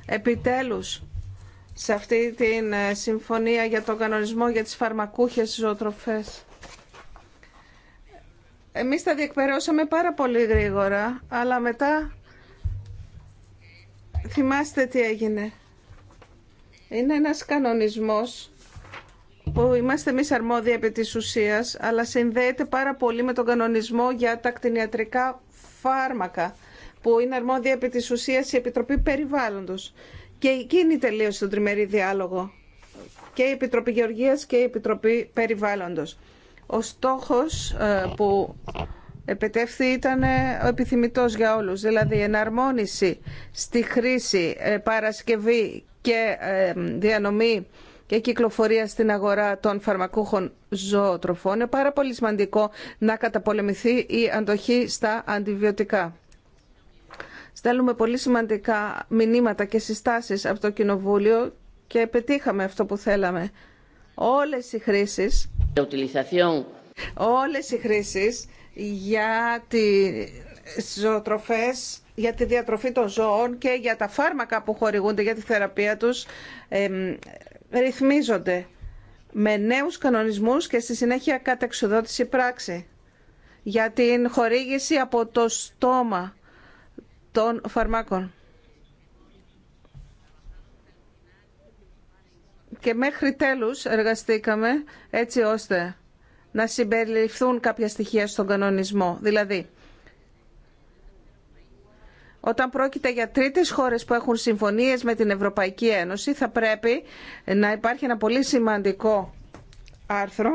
Επιτέλους, σε αυτή την ε, συμφωνία για τον κανονισμό για τις φαρμακούχες ζωοτροφές. Εμείς τα διεκπαιρεώσαμε πάρα πολύ γρήγορα, αλλά μετά θυμάστε τι έγινε. Είναι ένας κανονισμός που είμαστε εμεί αρμόδιοι επί τη ουσίας, αλλά συνδέεται πάρα πολύ με τον κανονισμό για τα κτηνιατρικά φάρμακα, που είναι αρμόδια επί τη ουσίας η Επιτροπή Περιβάλλοντος. Και εκείνη τελείωσε τον τριμερή διάλογο. Και η Επιτροπή Γεωργίας και η Επιτροπή Περιβάλλοντος. Ο στόχος ε, που επετεύθη ήταν ε, ο επιθυμητός για όλους, δηλαδή εναρμόνιση στη χρήση, ε, παρασκευή και διανομή και κυκλοφορία στην αγορά των φαρμακούχων ζωοτροφών, είναι πάρα πολύ σημαντικό να καταπολεμηθεί η αντοχή στα αντιβιωτικά. Στέλνουμε πολύ σημαντικά μηνύματα και συστάσεις από το Κοινοβούλιο και πετύχαμε αυτό που θέλαμε. Όλες οι χρήσεις, όλες οι χρήσεις για τις ζωοτροφές για τη διατροφή των ζώων και για τα φάρμακα που χορηγούνται για τη θεραπεία τους ρυθμίζονται με νέους κανονισμούς και στη συνέχεια καταξοδότηση πράξη για την χορήγηση από το στόμα των φαρμάκων. Και μέχρι τέλους εργαστήκαμε έτσι ώστε να συμπεριληφθούν κάποια στοιχεία στον κανονισμό. Δηλαδή, όταν πρόκειται για τρίτες χώρες που έχουν συμφωνίες με την Ευρωπαϊκή Ένωση θα πρέπει να υπάρχει ένα πολύ σημαντικό άρθρο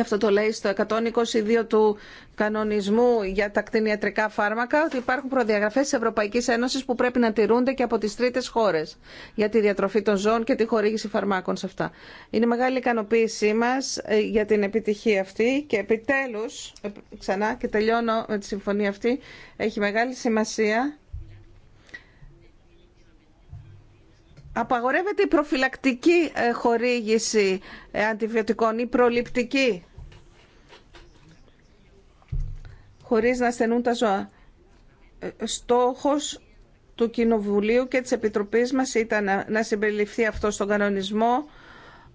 αυτό το λέει στο 122 του κανονισμού για τα κτηνιατρικά φάρμακα, ότι υπάρχουν προδιαγραφές της Ευρωπαϊκής Ένωσης που πρέπει να τηρούνται και από τις τρίτες χώρες για τη διατροφή των ζώων και τη χορήγηση φαρμάκων σε αυτά. Είναι μεγάλη ικανοποίησή μας ε, για την επιτυχία αυτή και επιτέλους, ε, ξανά και τελειώνω με τη συμφωνία αυτή, έχει μεγάλη σημασία Απαγορεύεται η προφυλακτική ε, χορήγηση αντιβιωτικών ή προληπτική χωρίς να στενούν τα ζώα. Ε, στόχος του Κοινοβουλίου και της Επιτροπής μας ήταν να συμπεριληφθεί αυτό στον κανονισμό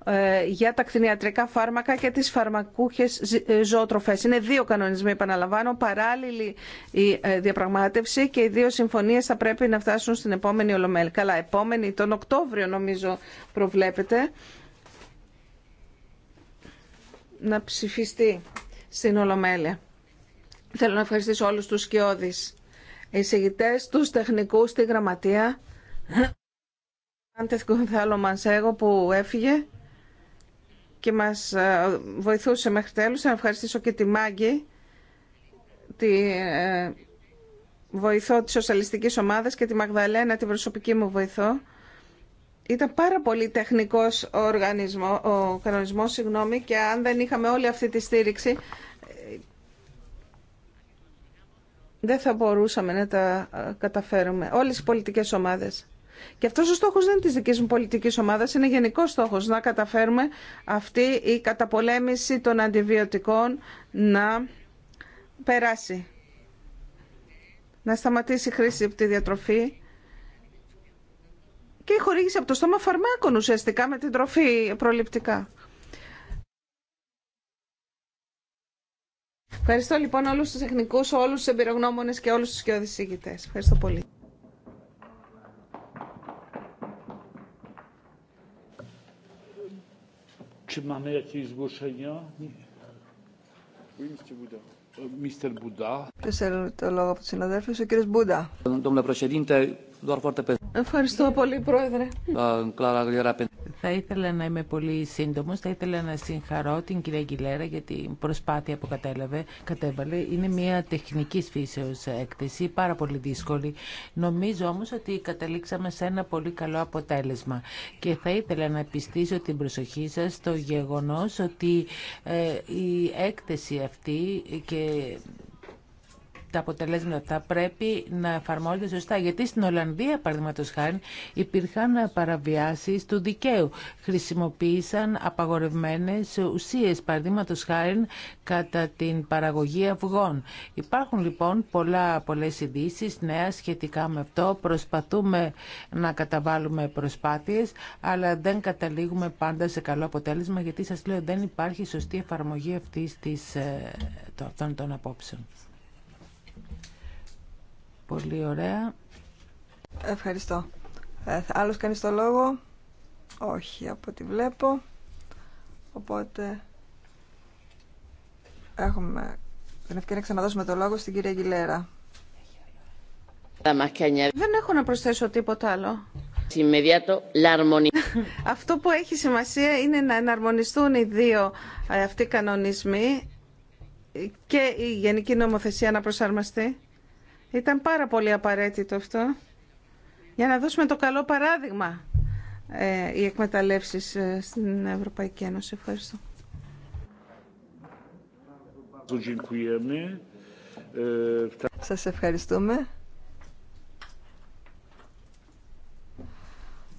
ε, για τα κτηνιατρικά φάρμακα και τις φαρμακούχες ε, ζωοτροφές. Είναι δύο κανονισμοί, επαναλαμβάνω, παράλληλη η διαπραγμάτευση και οι δύο συμφωνίες θα πρέπει να φτάσουν στην επόμενη Ολομέλη. Καλά, επόμενη τον Οκτώβριο νομίζω προβλέπεται να ψηφιστεί στην Ολομέλεια. Θέλω να ευχαριστήσω όλους τους σκιώδεις εισηγητές, τους τεχνικούς, τη γραμματεία. Άντε μας Μανσέγο που έφυγε και μας ε, βοηθούσε μέχρι τέλους. Να ευχαριστήσω και τη Μάγκη, τη ε, βοηθό της σοσιαλιστικής ομάδας και τη Μαγδαλένα, την προσωπική μου βοηθό. Ήταν πάρα πολύ τεχνικός ο, οργανισμό, ο κανονισμός συγγνώμη, και αν δεν είχαμε όλη αυτή τη στήριξη δεν θα μπορούσαμε να τα ε, καταφέρουμε. Όλες οι πολιτικές ομάδες. Και αυτός ο στόχος δεν είναι της δικής μου πολιτικής ομάδας, είναι γενικός στόχος να καταφέρουμε αυτή η καταπολέμηση των αντιβιωτικών να περάσει. Να σταματήσει η χρήση από τη διατροφή και η χορήγηση από το στόμα φαρμάκων ουσιαστικά με την τροφή προληπτικά. Ευχαριστώ λοιπόν όλους τους τεχνικούς, όλους τους εμπειρογνώμονες και όλους τους ηγητές. Ευχαριστώ πολύ. Czy mamy jakieś zgłoszenia? Mr. Buda. Ποιος θέλει το λόγο από τους συναδέλφους, ο κύριος Μπούντα. Ευχαριστώ πολύ, Πρόεδρε. Θα ήθελα να είμαι πολύ σύντομος. Θα ήθελα να συγχαρώ την κυρία Γκιλέρα για την προσπάθεια που κατέλαβε, κατέβαλε. Είναι μια τεχνική φύσεως έκθεση, πάρα πολύ δύσκολη. Νομίζω όμως ότι καταλήξαμε σε ένα πολύ καλό αποτέλεσμα. Και θα ήθελα να επιστήσω την προσοχή σας στο γεγονός ότι ε, η έκθεση αυτή και τα αποτελέσματα αυτά πρέπει να εφαρμόζονται σωστά. Γιατί στην Ολλανδία, παραδείγματο χάρη, υπήρχαν παραβιάσει του δικαίου. Χρησιμοποίησαν απαγορευμένε ουσίε, παραδείγματο χάρη, κατά την παραγωγή αυγών. Υπάρχουν λοιπόν πολλά, ειδήσει νέα σχετικά με αυτό. Προσπαθούμε να καταβάλουμε προσπάθειες, αλλά δεν καταλήγουμε πάντα σε καλό αποτέλεσμα, γιατί σα λέω δεν υπάρχει σωστή εφαρμογή αυτής ε, αυτών των απόψεων. Πολύ ωραία. Ευχαριστώ. Ε, άλλος κάνει το λόγο. Όχι, από ό,τι βλέπω. Οπότε έχουμε την ευκαιρία να ξαναδώσουμε το λόγο στην κυρία Γιλέρα. Δεν έχω να προσθέσω τίποτα άλλο. Αυτό που έχει σημασία είναι να εναρμονιστούν οι δύο ε, αυτοί οι κανονισμοί και η γενική νομοθεσία να προσαρμοστεί. Ήταν πάρα πολύ απαραίτητο αυτό για να δώσουμε το καλό παράδειγμα ε, οι εκμεταλλεύσεις ε, στην Ευρωπαϊκή Ένωση. Ευχαριστώ. Ε, Σας ευχαριστούμε.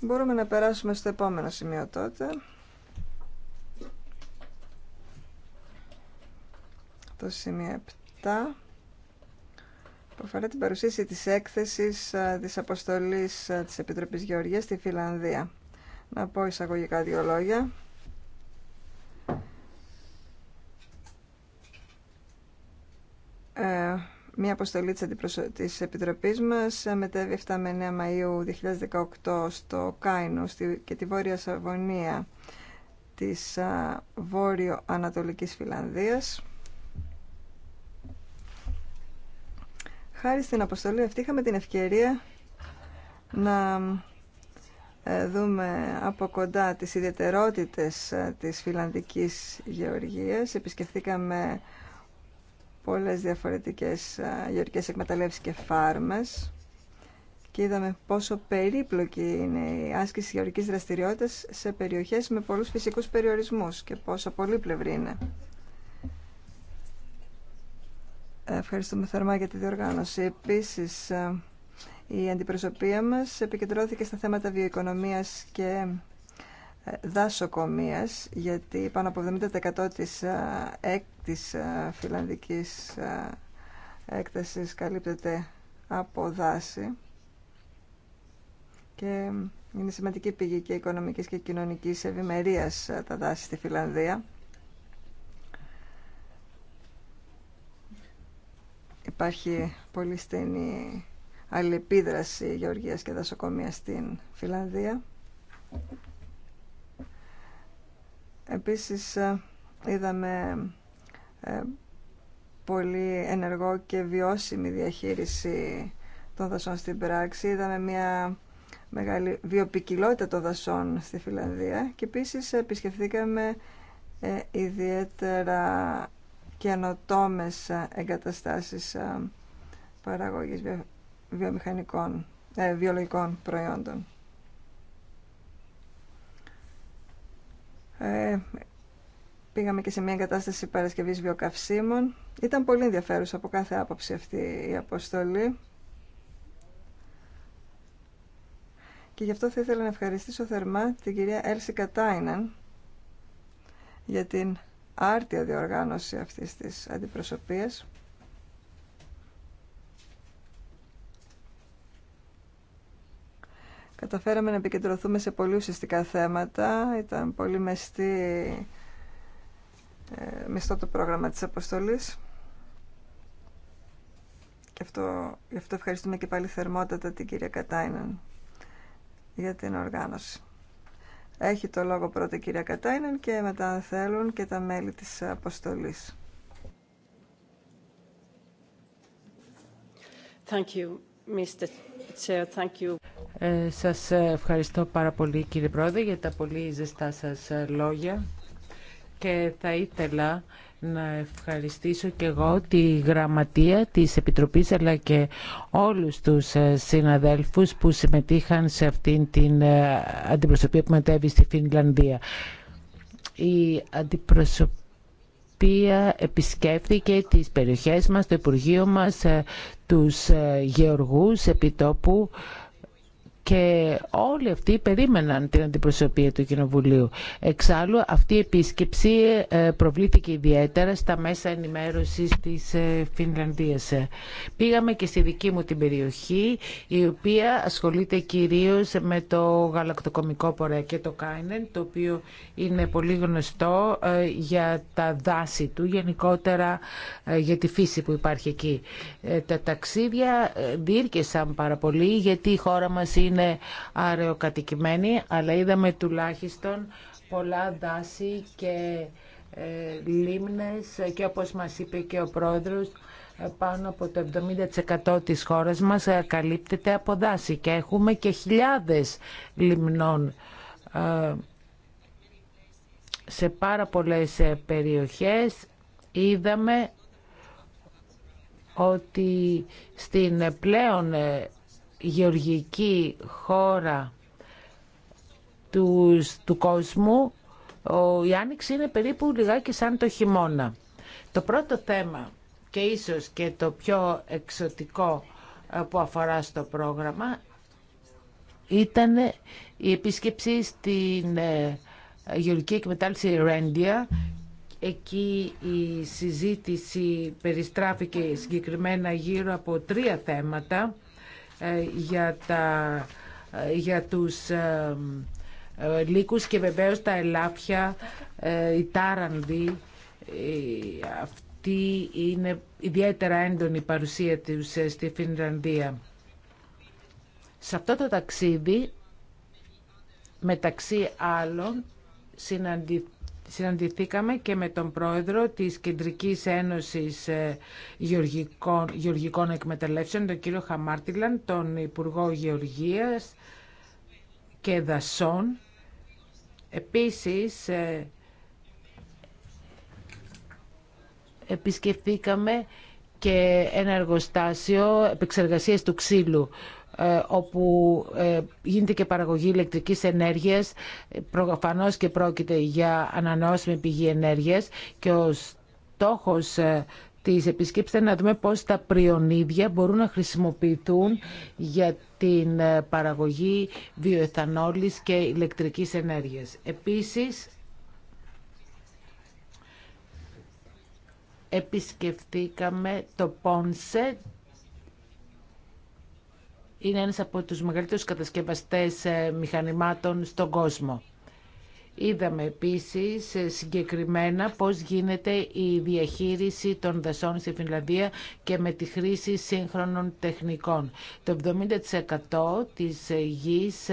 Μπορούμε να περάσουμε στο επόμενο σημείο τότε. Το σημείο 7 που αφορά την παρουσίαση της έκθεσης της αποστολή της Επιτροπή Γεωργίας στη Φιλανδία. Να πω εισαγωγικά δύο λόγια. Ε, μια αποστολή της, της Επιτροπής μας ε, μετέβη 7 με 9 Μαΐου 2018 στο Κάινο στη... και τη Βόρεια Σαβωνία της Βόρειο-Ανατολικής Φιλανδίας χάρη στην αποστολή αυτή είχαμε την ευκαιρία να ε, δούμε από κοντά τις ιδιαιτερότητες ε, της φιλανδικής γεωργίας. Επισκεφθήκαμε πολλές διαφορετικές ε, γεωργικές εκμεταλλεύσεις και φάρμες και είδαμε πόσο περίπλοκη είναι η άσκηση γεωργικής δραστηριότητας σε περιοχές με πολλούς φυσικούς περιορισμούς και πόσο πολύπλευρη είναι. Ευχαριστούμε θερμά για τη διοργάνωση. Επίση ε, η αντιπροσωπεία μας επικεντρώθηκε στα θέματα βιοοικονομίας και ε, δάσοκομίας, γιατί πάνω από 70% της, ε, εκ, φιλανδικής καλύπτεται από δάση και είναι σημαντική πηγή και οικονομικής και κοινωνικής ευημερίας τα δάση στη Φιλανδία. Υπάρχει πολύ στενή αλληλεπίδραση γεωργίας και δασοκομεία στην Φιλανδία. Επίσης ε, είδαμε ε, πολύ ενεργό και βιώσιμη διαχείριση των δασών στην πράξη. Είδαμε μια μεγάλη βιοπικιλότητα των δασών στη Φιλανδία και επίσης επισκεφθήκαμε ε, ιδιαίτερα καινοτόμες ε, εγκαταστάσεις ε, παραγωγής βιομηχανικών, ε, βιολογικών προϊόντων. Ε, πήγαμε και σε μια εγκατάσταση παρασκευής βιοκαυσίμων. Ήταν πολύ ενδιαφέρουσα από κάθε άποψη αυτή η αποστολή. Και γι' αυτό θα ήθελα να ευχαριστήσω θερμά την κυρία Έλση Κατάιναν για την άρτια διοργάνωση αυτής της αντιπροσωπείας. Καταφέραμε να επικεντρωθούμε σε πολύ ουσιαστικά θέματα. Ήταν πολύ μεστή, ε, μεστό το πρόγραμμα της αποστολής. Και αυτό, γι' αυτό ευχαριστούμε και πάλι θερμότατα την κυρία Κατάιναν για την οργάνωση. Έχει το λόγο πρώτα η κυρία Κατάινεν και μετά αν θέλουν και τα μέλη της αποστολής. Thank you, Mr. Ε, σας ευχαριστώ πάρα πολύ κύριε Πρόεδρε για τα πολύ ζεστά σας ε, λόγια και θα ήθελα να ευχαριστήσω και εγώ τη γραμματεία της Επιτροπής αλλά και όλους τους ε, συναδέλφους που συμμετείχαν σε αυτήν την ε, αντιπροσωπεία που μετέβη στη Φινλανδία. Η αντιπροσωπεία επισκέφθηκε τις περιοχές μας, το Υπουργείο μας, ε, τους γεωργούς επιτόπου και όλοι αυτοί περίμεναν την αντιπροσωπεία του Κοινοβουλίου. Εξάλλου αυτή η επίσκεψη ε, προβλήθηκε ιδιαίτερα στα μέσα ενημέρωσης της ε, Φινλανδίας. Πήγαμε και στη δική μου την περιοχή η οποία ασχολείται κυρίως με το γαλακτοκομικό και το Κάινεν το οποίο είναι πολύ γνωστό ε, για τα δάση του γενικότερα για τη φύση που υπάρχει εκεί. Τα ταξίδια διήρκεσαν πάρα πολύ γιατί η χώρα μας είναι είναι αραιοκατοικημένοι, αλλά είδαμε τουλάχιστον πολλά δάση και ε, λίμνες και όπως μας είπε και ο πρόεδρος, ε, πάνω από το 70% της χώρας μας ε, καλύπτεται από δάση και έχουμε και χιλιάδες λιμνών ε, σε πάρα πολλές περιοχές είδαμε ότι στην πλέον γεωργική χώρα του, του κόσμου, ο, η άνοιξη είναι περίπου λιγάκι σαν το χειμώνα. Το πρώτο θέμα και ίσως και το πιο εξωτικό ε, που αφορά στο πρόγραμμα ήταν η επίσκεψη στην ε, γεωργική εκμετάλλευση Ρέντια. Εκεί η συζήτηση περιστράφηκε συγκεκριμένα γύρω από τρία θέματα ε, για, τα, ε, για τους ε, λύκους και βεβαίως τα ελάφια, η τάρανδη. Αυτή είναι ιδιαίτερα έντονη η παρουσία τους στη Φινλανδία. Σε αυτό το ταξίδι, μεταξύ άλλων, συναντηθήκαμε συναντηθήκαμε και με τον πρόεδρο της Κεντρικής Ένωσης ε, Γεωργικών, Γεωργικών Εκμεταλλεύσεων, τον κύριο Χαμάρτιλαν, τον Υπουργό Γεωργίας και Δασών. Επίσης, ε, επισκεφθήκαμε και ένα εργοστάσιο επεξεργασίας του ξύλου ε, όπου ε, γίνεται και παραγωγή ηλεκτρικής ενέργειας. Προφανώς και πρόκειται για ανανεώσιμη πηγή ενέργειας και ο στόχος ε, της επισκέψης είναι να δούμε πώς τα πριονίδια μπορούν να χρησιμοποιηθούν για την παραγωγή βιοεθανόλης και ηλεκτρικής ενέργειας. Επίσης, επισκεφτήκαμε το Πόνσε, είναι ένας από τους μεγαλύτερους κατασκευαστές ε, μηχανημάτων στον κόσμο. Είδαμε επίσης ε, συγκεκριμένα πώς γίνεται η διαχείριση των δασών στη Φινλανδία και με τη χρήση σύγχρονων τεχνικών. Το 70% της ε, γης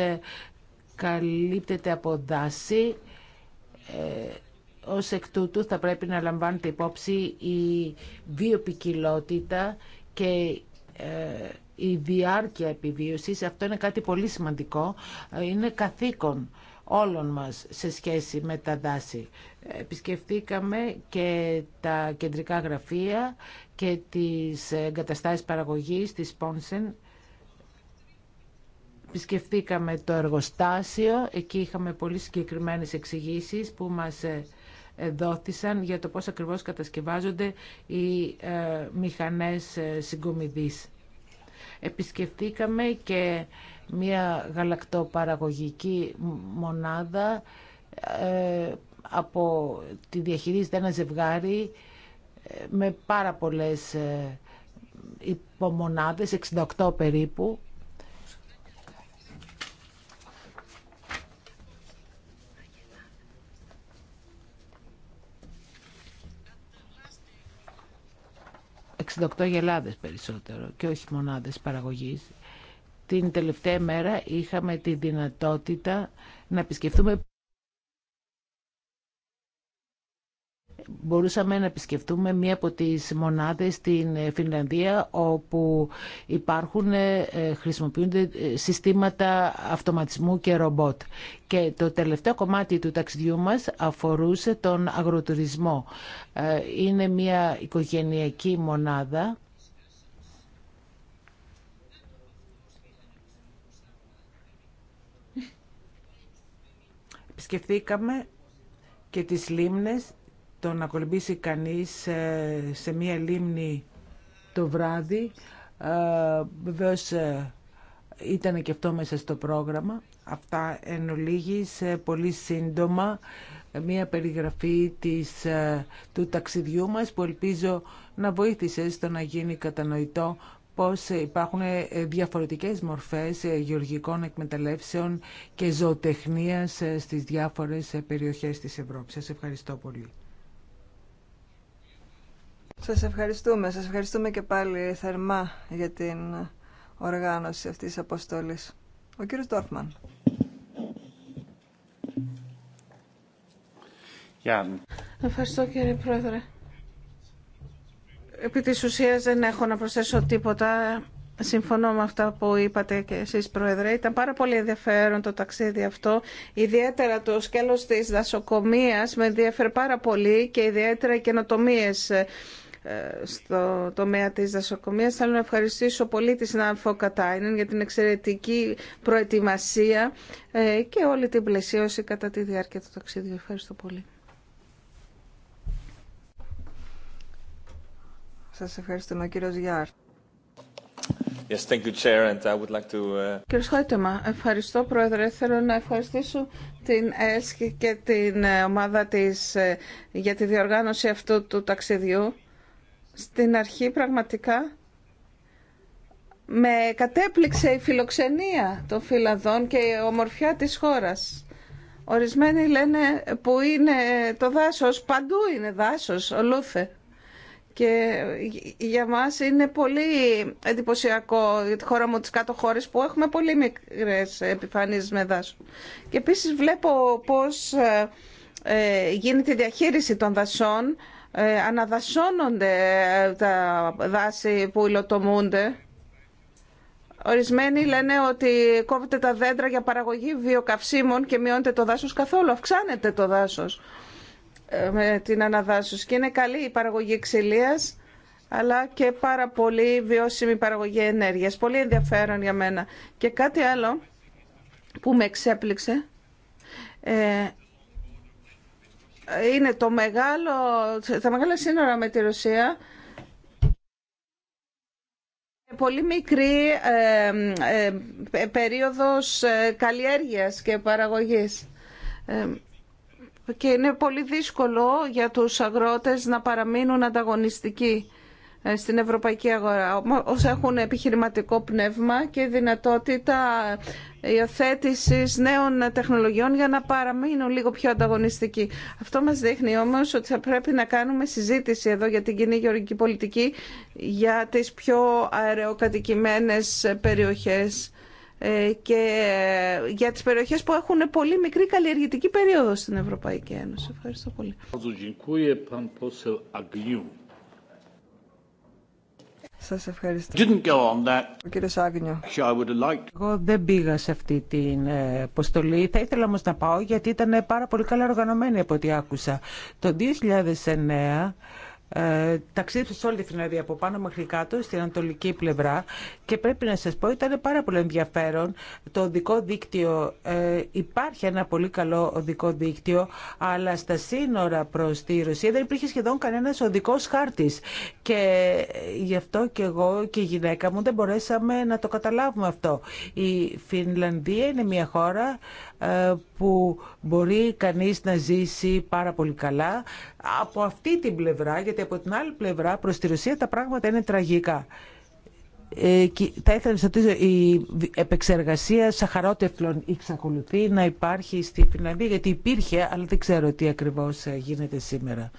καλύπτεται από δάση. ω ως εκ τούτου θα πρέπει να λαμβάνεται υπόψη η βιοπικιλότητα και η διάρκεια επιβίωσης, αυτό είναι κάτι πολύ σημαντικό, είναι καθήκον όλων μας σε σχέση με τα δάση. Επισκεφτήκαμε και τα κεντρικά γραφεία και τις εγκαταστάσεις παραγωγής της Πόνσεν. Επισκεφθήκαμε το εργοστάσιο, εκεί είχαμε πολύ συγκεκριμένες εξηγήσεις που μας ε, ε, δόθησαν για το πώς ακριβώς κατασκευάζονται οι ε, μηχανές συγκομιδής. Επισκεφτήκαμε και μια γαλακτοπαραγωγική μονάδα ε, από τη διαχειρίζεται ένα ζευγάρι ε, με πάρα πολλές ε, υπομονάδες, 68 περίπου 68 γελάδες περισσότερο και όχι μονάδες παραγωγής. Την τελευταία μέρα είχαμε τη δυνατότητα να επισκεφτούμε μπορούσαμε να επισκεφτούμε μία από τις μονάδες στην ε, Φινλανδία όπου υπάρχουν, ε, ε, χρησιμοποιούνται συστήματα αυτοματισμού και ρομπότ. Και το τελευταίο κομμάτι του ταξιδιού μας αφορούσε τον αγροτουρισμό. Είναι μία οικογενειακή μονάδα Επισκεφθήκαμε και τις λίμνες το να κολυμπήσει κανείς ε, σε μία λίμνη το βράδυ. Ε, Βεβαίω ε, ήταν και αυτό μέσα στο πρόγραμμα. Αυτά εν ολίγης, πολύ σύντομα, μία περιγραφή της, του ταξιδιού μας που ελπίζω να βοήθησε στο να γίνει κατανοητό πως υπάρχουν διαφορετικές μορφές γεωργικών εκμεταλλεύσεων και ζωοτεχνίας στις διάφορες περιοχές της Ευρώπης. Σας ευχαριστώ πολύ. Σας ευχαριστούμε. Σας ευχαριστούμε και πάλι θερμά για την οργάνωση αυτής της αποστολής. Ο κύριος Ντόρφμαν. Ευχαριστώ κύριε Πρόεδρε. Επί της δεν έχω να προσθέσω τίποτα. Συμφωνώ με αυτά που είπατε και εσείς Πρόεδρε. Ήταν πάρα πολύ ενδιαφέρον το ταξίδι αυτό. Ιδιαίτερα το σκέλος της δασοκομείας με ενδιαφέρει πάρα πολύ και ιδιαίτερα οι καινοτομίες ε, στο τομέα της δασοκομείας. Θέλω να ευχαριστήσω πολύ τη συνάδελφο Κατάινεν για την εξαιρετική προετοιμασία ε, και όλη την πλαισίωση κατά τη διάρκεια του ταξίδιου. Ευχαριστώ πολύ. Σας ευχαριστούμε, κύριος Γιάρ. Yes, thank you, Chair, and I would like to... Uh, Κύριε Σχόιτεμα, ευχαριστώ Πρόεδρε. Θέλω να ευχαριστήσω την ΕΣΚ και την ε, ομάδα της για τη διοργάνωση αυτού του ταξιδιού στην αρχή πραγματικά με κατέπληξε η φιλοξενία των φυλαδών και η ομορφιά της χώρας. Ορισμένοι λένε που είναι το δάσος, παντού είναι δάσος, ολούθε. Και για μας είναι πολύ εντυπωσιακό για τη χώρα μου τις κάτω χώρες που έχουμε πολύ μικρές επιφανείς με δάσο. Και επίσης βλέπω πώς ε, ε, γίνεται η διαχείριση των δασών ε, αναδασώνονται ε, τα δάση που υλοτομούνται. Ορισμένοι λένε ότι κόβεται τα δέντρα για παραγωγή βιοκαυσίμων και μειώνεται το δάσος καθόλου. Αυξάνεται το δάσος ε, με την αναδάσωση. Και είναι καλή η παραγωγή ξυλίας, αλλά και πάρα πολύ βιώσιμη παραγωγή ενέργειας. Πολύ ενδιαφέρον για μένα. Και κάτι άλλο που με εξέπληξε, είναι το μεγάλο, τα μεγάλα σύνορα με τη Ρωσία πολύ μικρή ε, ε, περίοδος καλλιέργειας και παραγωγής. και είναι πολύ δύσκολο για τους αγρότες να παραμείνουν ανταγωνιστικοί ε, στην ευρωπαϊκή αγορά. Όσοι έχουν επιχειρηματικό πνεύμα και δυνατότητα υιοθέτηση νέων τεχνολογιών για να παραμείνουν λίγο πιο ανταγωνιστικοί. Αυτό μας δείχνει όμως ότι θα πρέπει να κάνουμε συζήτηση εδώ για την κοινή γεωργική πολιτική για τις πιο αεροκατοικημένες περιοχές ε, και ε, για τις περιοχές που έχουν πολύ μικρή καλλιεργητική περίοδο στην Ευρωπαϊκή Ένωση. Ευχαριστώ πολύ. Σας ευχαριστώ. Didn't go on that. Ο κύριο Άγνιο. Εγώ δεν πήγα σε αυτή την ε, αποστολή. Θα ήθελα όμω να πάω γιατί ήταν πάρα πολύ καλά οργανωμένη από ό,τι άκουσα. Το 2009 ε, σε όλη τη Φινλανδία από πάνω μέχρι κάτω στην ανατολική πλευρά και πρέπει να σας πω ήταν πάρα πολύ ενδιαφέρον το οδικό δίκτυο ε, υπάρχει ένα πολύ καλό οδικό δίκτυο αλλά στα σύνορα προς τη Ρωσία δεν υπήρχε σχεδόν κανένας οδικός χάρτης και γι' αυτό και εγώ και η γυναίκα μου δεν μπορέσαμε να το καταλάβουμε αυτό η Φινλανδία είναι μια χώρα ε, που μπορεί κανείς να ζήσει πάρα πολύ καλά από αυτή την πλευρά, γιατί από την άλλη πλευρά προς τη Ρωσία τα πράγματα είναι τραγικά. Ε, θα ήθελα να ρωτήσω, η επεξεργασία σαχαρότευλων εξακολουθεί να υπάρχει στη Φιλανδία, γιατί υπήρχε, αλλά δεν ξέρω τι ακριβώς ε, γίνεται σήμερα.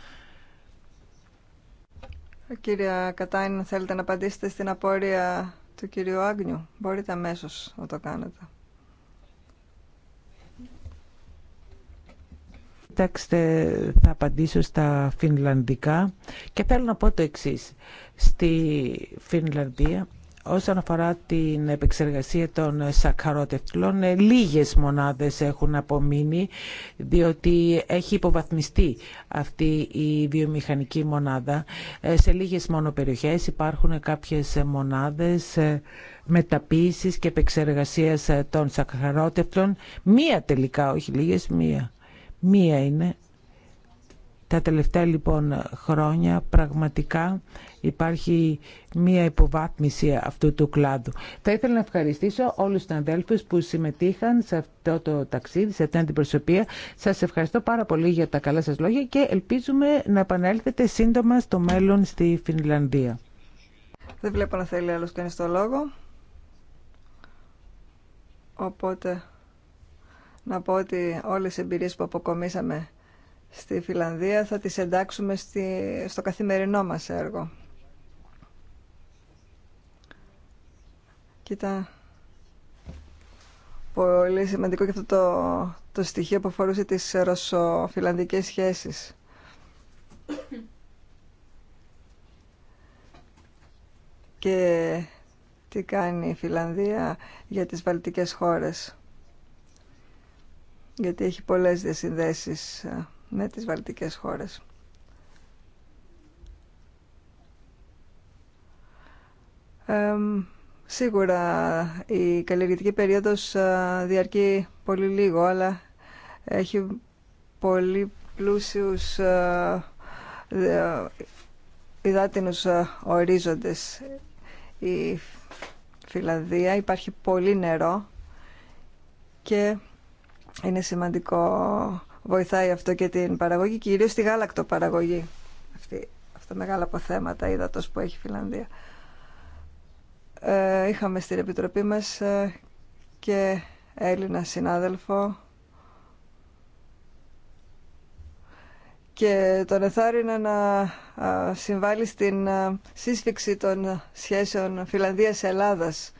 Κύριε Κατάιν, θέλετε να απαντήσετε στην απόρία του κυρίου Άγνιου. Μπορείτε αμέσω να το κάνετε. Κοιτάξτε, θα απαντήσω στα φινλανδικά και θέλω να πω το εξή Στη Φινλανδία Όσον αφορά την επεξεργασία των σακαρότευτλων, ε, λίγες μονάδες έχουν απομείνει, διότι έχει υποβαθμιστεί αυτή η βιομηχανική μονάδα. Ε, σε λίγες μόνο περιοχές υπάρχουν κάποιες μονάδες ε, μεταποίησης και επεξεργασίας των σακαρότευτλων. Μία τελικά, όχι λίγες, μία. Μία είναι. Τα τελευταία λοιπόν χρόνια πραγματικά υπάρχει μία υποβάθμιση αυτού του κλάδου. Θα ήθελα να ευχαριστήσω όλους τους αδέλφους που συμμετείχαν σε αυτό το ταξίδι, σε αυτήν την προσωπία. Σας ευχαριστώ πάρα πολύ για τα καλά σας λόγια και ελπίζουμε να επανέλθετε σύντομα στο μέλλον στη Φινλανδία. Δεν βλέπω να θέλει άλλος κανείς το λόγο. Οπότε να πω ότι όλες οι εμπειρίες που αποκομίσαμε στη Φιλανδία θα τις εντάξουμε στη, στο καθημερινό μας έργο. Κοίτα, πολύ σημαντικό και αυτό το, το στοιχείο που αφορούσε τις ρωσοφιλανδικές σχέσεις. Και τι κάνει η Φιλανδία για τις βαλτικές χώρες γιατί έχει πολλές διασυνδέσεις ε, με τις βαλτικές χώρες. σίγουρα η καλλιεργητική περίοδος ε, διαρκεί πολύ λίγο, αλλά έχει πολύ πλούσιους ε, υδάτινους ορίζοντες. Η Φιλανδία υπάρχει πολύ νερό και είναι σημαντικό. Βοηθάει αυτό και την παραγωγή, κυρίως τη γάλακτοπαραγωγή. Αυτή, αυτά τα μεγάλα αποθέματα, είδα τόσο που έχει η Φιλανδία. Ε, είχαμε στην Επιτροπή μας ε, και Έλληνα συνάδελφο και τον εθάρρυνα να συμβάλλει στην σύσφυξη των σχέσεων Φιλανδίας-Ελλάδας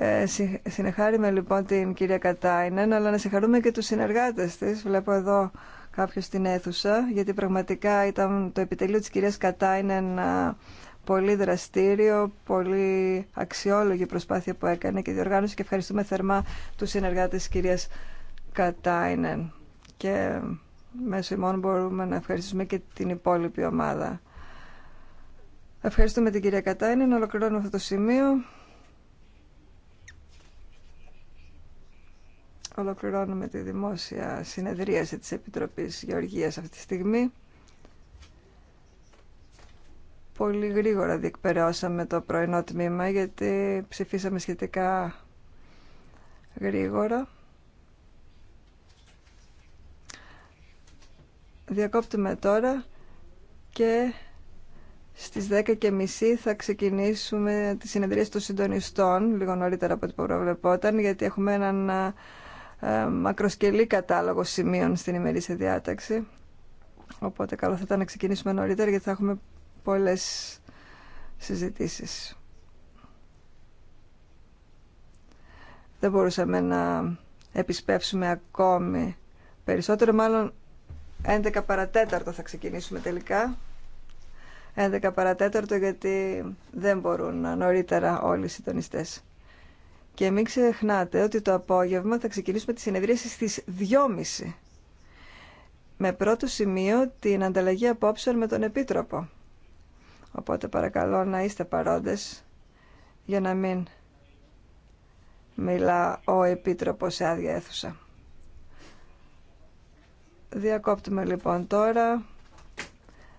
Ε, συνεχάρημε λοιπόν την κυρία Κατάινεν, αλλά να συγχαρούμε και τους συνεργάτες της. Βλέπω εδώ κάποιος στην αίθουσα, γιατί πραγματικά ήταν το επιτελείο της κυρίας Κατάινεν ε, πολύ δραστήριο, πολύ αξιόλογη προσπάθεια που έκανε και διοργάνωση και ευχαριστούμε θερμά τους συνεργάτες της κυρίας Κατάινεν. Και μέσω ημών μπορούμε να ευχαριστούμε και την υπόλοιπη ομάδα. Ευχαριστούμε την κυρία Κατάινεν, ολοκληρώνουμε αυτό το σημείο. ολοκληρώνουμε τη δημόσια συνεδρίαση της Επιτροπής Γεωργίας αυτή τη στιγμή. Πολύ γρήγορα διεκπαιρεώσαμε το πρωινό τμήμα γιατί ψηφίσαμε σχετικά γρήγορα. Διακόπτουμε τώρα και στις μισή θα ξεκινήσουμε τη συνεδρία των συντονιστών, λίγο νωρίτερα από ό,τι προβλεπόταν, γιατί έχουμε έναν ε, μακροσκελή κατάλογο σημείων στην ημερήσια διάταξη. Οπότε καλό θα ήταν να ξεκινήσουμε νωρίτερα γιατί θα έχουμε πολλές συζητήσεις. Δεν μπορούσαμε να επισπεύσουμε ακόμη περισσότερο, μάλλον 11 παρατέταρτο θα ξεκινήσουμε τελικά. 11 παρατέταρτο γιατί δεν μπορούν νωρίτερα όλοι οι συντονιστές. Και μην ξεχνάτε ότι το απόγευμα θα ξεκινήσουμε τη συνεδρίαση στις 2.30 με πρώτο σημείο την ανταλλαγή απόψεων με τον Επίτροπο. Οπότε παρακαλώ να είστε παρόντες για να μην μιλά ο Επίτροπος σε άδεια αίθουσα. Διακόπτουμε λοιπόν τώρα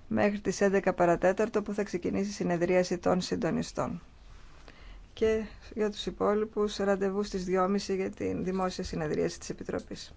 μέχρι τις 11 παρατέταρτο που θα ξεκινήσει η συνεδρίαση των συντονιστών και για τους υπόλοιπους ραντεβού στις 2.30 για την δημόσια συνεδρίαση της Επιτροπής.